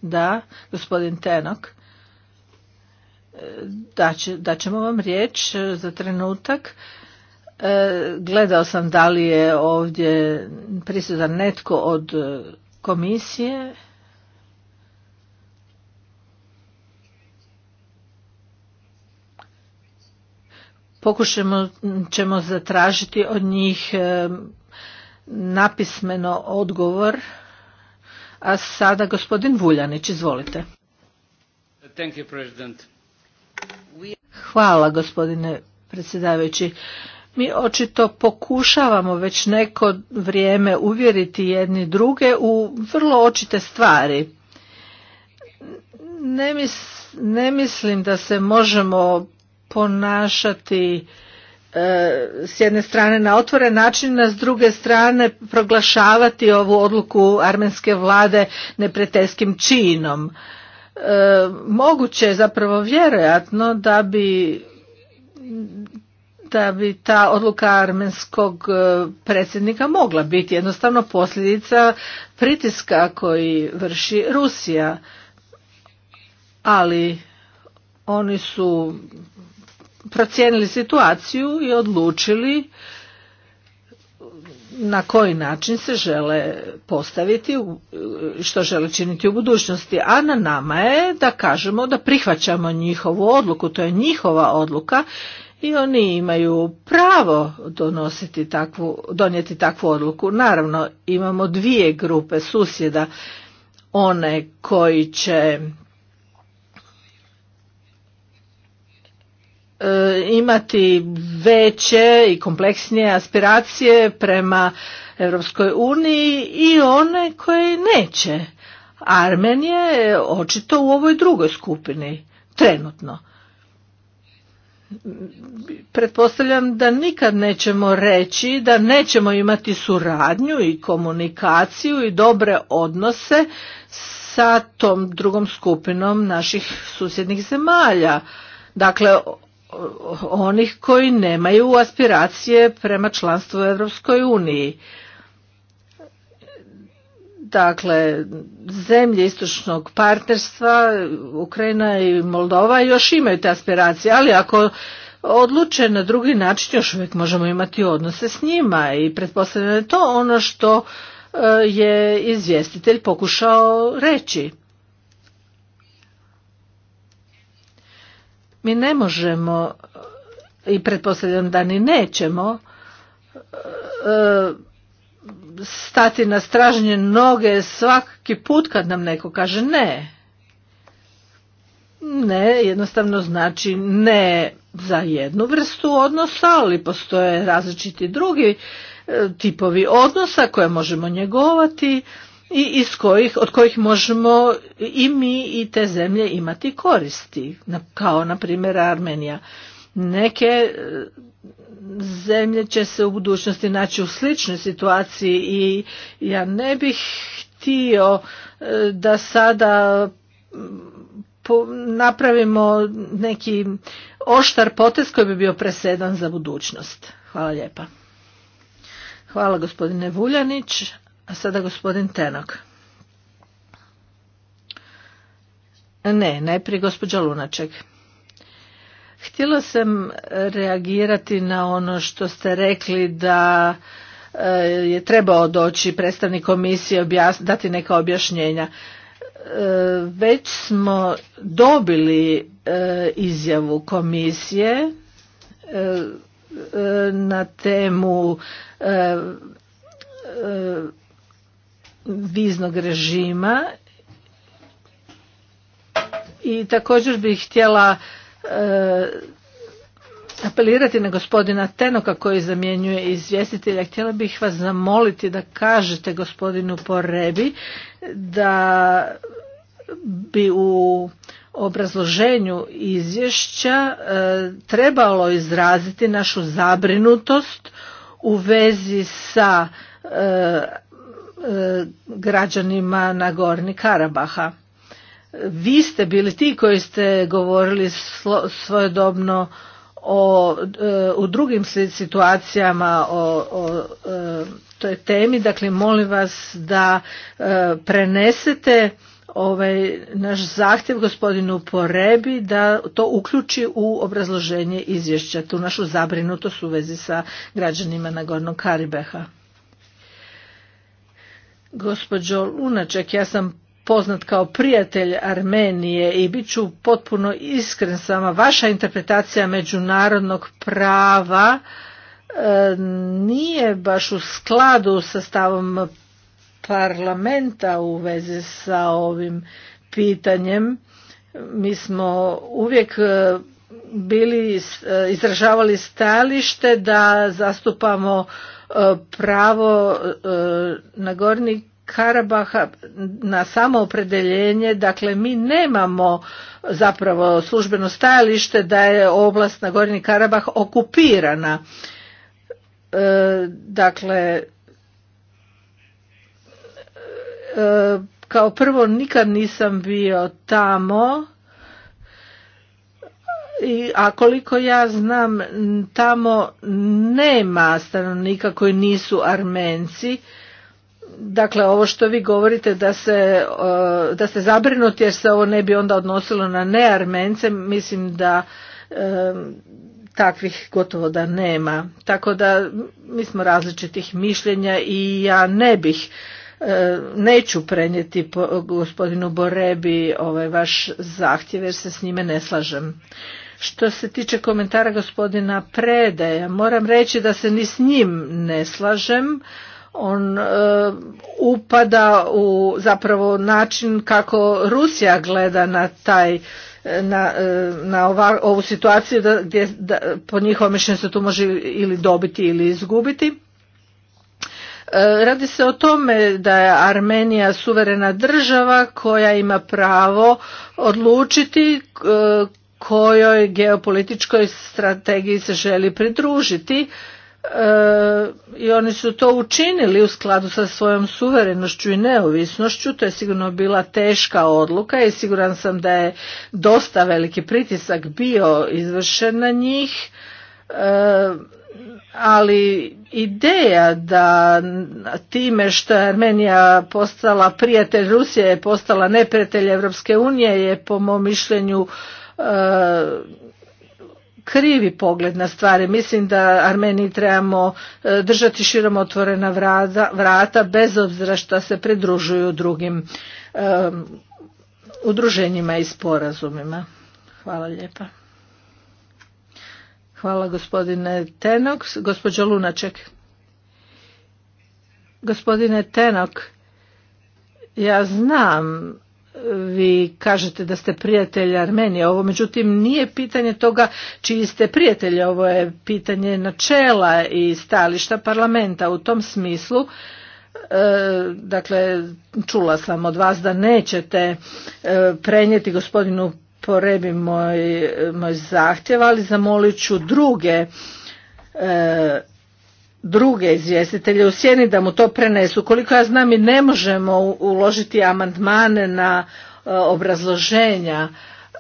Da, gospodin Tenok. E, da ćemo vam riječ za trenutak. E, gledao sam da li je ovdje prisutan netko od komisije. pokušamo ćemo zatražiti od njih e, napismeno odgovor. A sada gospodin Vuljanić, izvolite. Hvala gospodine predsjedavajući. Mi očito pokušavamo već neko vrijeme uvjeriti jedni druge u vrlo očite stvari. ne mislim da se možemo ponašati e, s jedne strane na otvore način, a s druge strane proglašavati ovu odluku armenske vlade nepreteskim činom. E, moguće je zapravo vjerojatno da bi da bi ta odluka armenskog e, predsjednika mogla biti jednostavno posljedica pritiska koji vrši Rusija. Ali oni su procijenili situaciju i odlučili na koji način se žele postaviti što žele činiti u budućnosti a na nama je da kažemo da prihvaćamo njihovu odluku to je njihova odluka i oni imaju pravo donositi takvu, donijeti takvu odluku naravno imamo dvije grupe susjeda one koji će E, imati veće i kompleksnije aspiracije prema Europskoj uniji i one koje neće. Armenija je očito u ovoj drugoj skupini, trenutno. Pretpostavljam da nikad nećemo reći da nećemo imati suradnju i komunikaciju i dobre odnose sa tom drugom skupinom naših susjednih zemalja. Dakle, onih koji nemaju aspiracije prema članstvu u Europskoj uniji. Dakle, zemlje istočnog partnerstva, Ukrajina i Moldova još imaju te aspiracije, ali ako odluče na drugi način još uvijek možemo imati odnose s njima i pretpostavljam je to ono što e, je izvjestitelj pokušao reći. Mi ne možemo i pretpostavljam da ni nećemo e, stati na stražnje noge svaki put kad nam neko kaže ne. Ne, jednostavno znači ne za jednu vrstu odnosa, ali postoje različiti drugi e, tipovi odnosa koje možemo njegovati i iz kojih, od kojih možemo i mi i te zemlje imati koristi, kao na primjer Armenija. Neke e, zemlje će se u budućnosti naći u sličnoj situaciji i ja ne bih htio e, da sada mm, napravimo neki oštar potez koji bi bio presedan za budućnost. Hvala lijepa. Hvala gospodine Vuljanić. A sada gospodin Tenok. Ne, najprije gospođa Lunaček. Htjela sam reagirati na ono što ste rekli da e, je trebao doći predstavnik komisije dati neka objašnjenja. E, već smo dobili e, izjavu komisije na temu viznog režima i također bih htjela e, apelirati na gospodina Tenoka koji zamjenjuje izvjestitelja. Htjela bih vas zamoliti da kažete gospodinu Porebi da bi u obrazloženju izvješća e, trebalo izraziti našu zabrinutost u vezi sa e, građanima na Gorni Karabaha. Vi ste bili ti koji ste govorili svojodobno o, e, u drugim situacijama o, o e, toj temi, dakle molim vas da e, prenesete ovaj naš zahtjev gospodinu Porebi da to uključi u obrazloženje izvješća, tu našu zabrinutost u vezi sa građanima na Gornom Karibeha. Gospođo Lunaček, ja sam poznat kao prijatelj Armenije i bit ću potpuno iskren s vama. Vaša interpretacija međunarodnog prava e, nije baš u skladu sa stavom parlamenta u vezi sa ovim pitanjem. Mi smo uvijek e, bili, e, izražavali stajalište da zastupamo E, pravo e, na Gornji Karabaha na samoopredeljenje, dakle mi nemamo zapravo službeno stajalište da je oblast na Gorni Karabah okupirana. E, dakle, kao prvo nikad nisam bio tamo a koliko ja znam tamo nema stanovnika koji nisu armenci dakle ovo što vi govorite da se da ste zabrinuti jer se ovo ne bi onda odnosilo na nearmence mislim da takvih gotovo da nema tako da mi smo različitih mišljenja i ja ne bih e, neću prenijeti gospodinu Borebi ovaj vaš zahtjev jer se s njime ne slažem što se tiče komentara gospodina Predeja, moram reći da se ni s njim ne slažem. On e, upada u zapravo način kako Rusija gleda na taj na, e, ovu situaciju da, gdje da, po njihovom mišljenju se tu može ili dobiti ili izgubiti. E, radi se o tome da je Armenija suverena država koja ima pravo odlučiti kojoj geopolitičkoj strategiji se želi pridružiti e, i oni su to učinili u skladu sa svojom suverenošću i neovisnošću. To je sigurno bila teška odluka i siguran sam da je dosta veliki pritisak bio izvršen na njih. E, ali ideja da time što je Armenija postala prijatelj Rusije je postala neprijatelj Europske unije je po mom mišljenju E, krivi pogled na stvari. Mislim da Armeniji trebamo e, držati širom otvorena vrata bez obzira što se pridružuju drugim e, udruženjima i sporazumima. Hvala lijepa. Hvala gospodine Tenok. Gospođo Lunaček. Gospodine Tenok, ja znam vi kažete da ste prijatelji Armenije. Ovo međutim nije pitanje toga čiji ste prijatelji, ovo je pitanje načela i stališta parlamenta u tom smislu. E, dakle, čula sam od vas da nećete e, prenijeti gospodinu Porebi moj, moj zahtjev, ali zamolit ću druge e, druge izvjestitelje u sjeni da mu to prenesu. Koliko ja znam mi ne možemo uložiti amandmane na e, obrazloženja.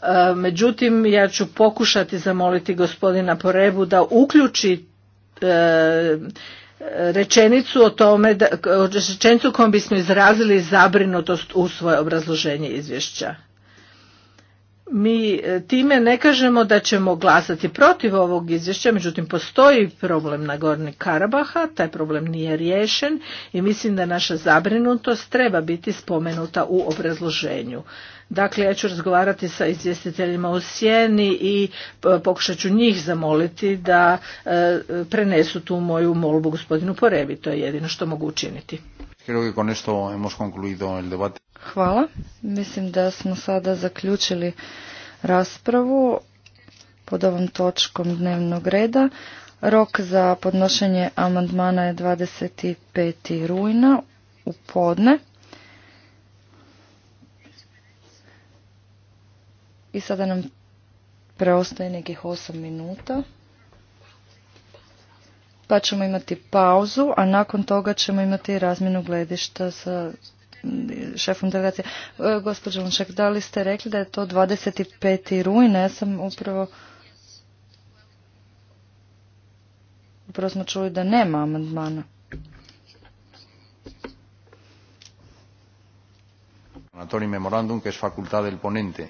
E, međutim, ja ću pokušati zamoliti gospodina Porebu da uključi e, rečenicu o tome, rečenicu kojom bismo izrazili zabrinutost u svoje obrazloženje izvješća mi e, time ne kažemo da ćemo glasati protiv ovog izvješća, međutim postoji problem na Gorni Karabaha, taj problem nije riješen i mislim da naša zabrinutost treba biti spomenuta u obrazloženju. Dakle, ja ću razgovarati sa izvjestiteljima u sjeni i e, pokušat ću njih zamoliti da e, prenesu tu moju molbu gospodinu Porebi, to je jedino što mogu učiniti. Hvala. Mislim
da smo sada zaključili raspravu pod ovom točkom dnevnog reda. Rok za podnošenje amandmana je 25. rujna u podne. I sada nam preostaje nekih 8 minuta. Pa ćemo imati pauzu, a nakon toga ćemo imati razmjenu gledišta sa šefom delegacije. E, gospođo Lunčak, da li ste rekli da je to 25. rujna? Ja sam upravo... Upravo smo čuli da nema amandmana. memorandum, que es facultad del ponente,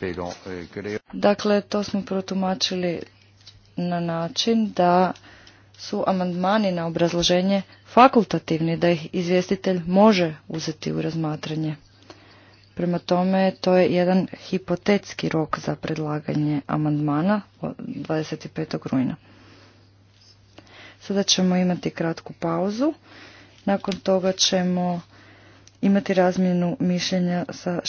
pero eh, creo... Dakle, to smo protumačili na način da su amandmani na obrazloženje fakultativni, da ih izvjestitelj može uzeti u razmatranje. Prema tome, to je jedan hipotetski rok za predlaganje amandmana 25. rujna. Sada ćemo imati kratku pauzu. Nakon toga ćemo imati razmjenu mišljenja sa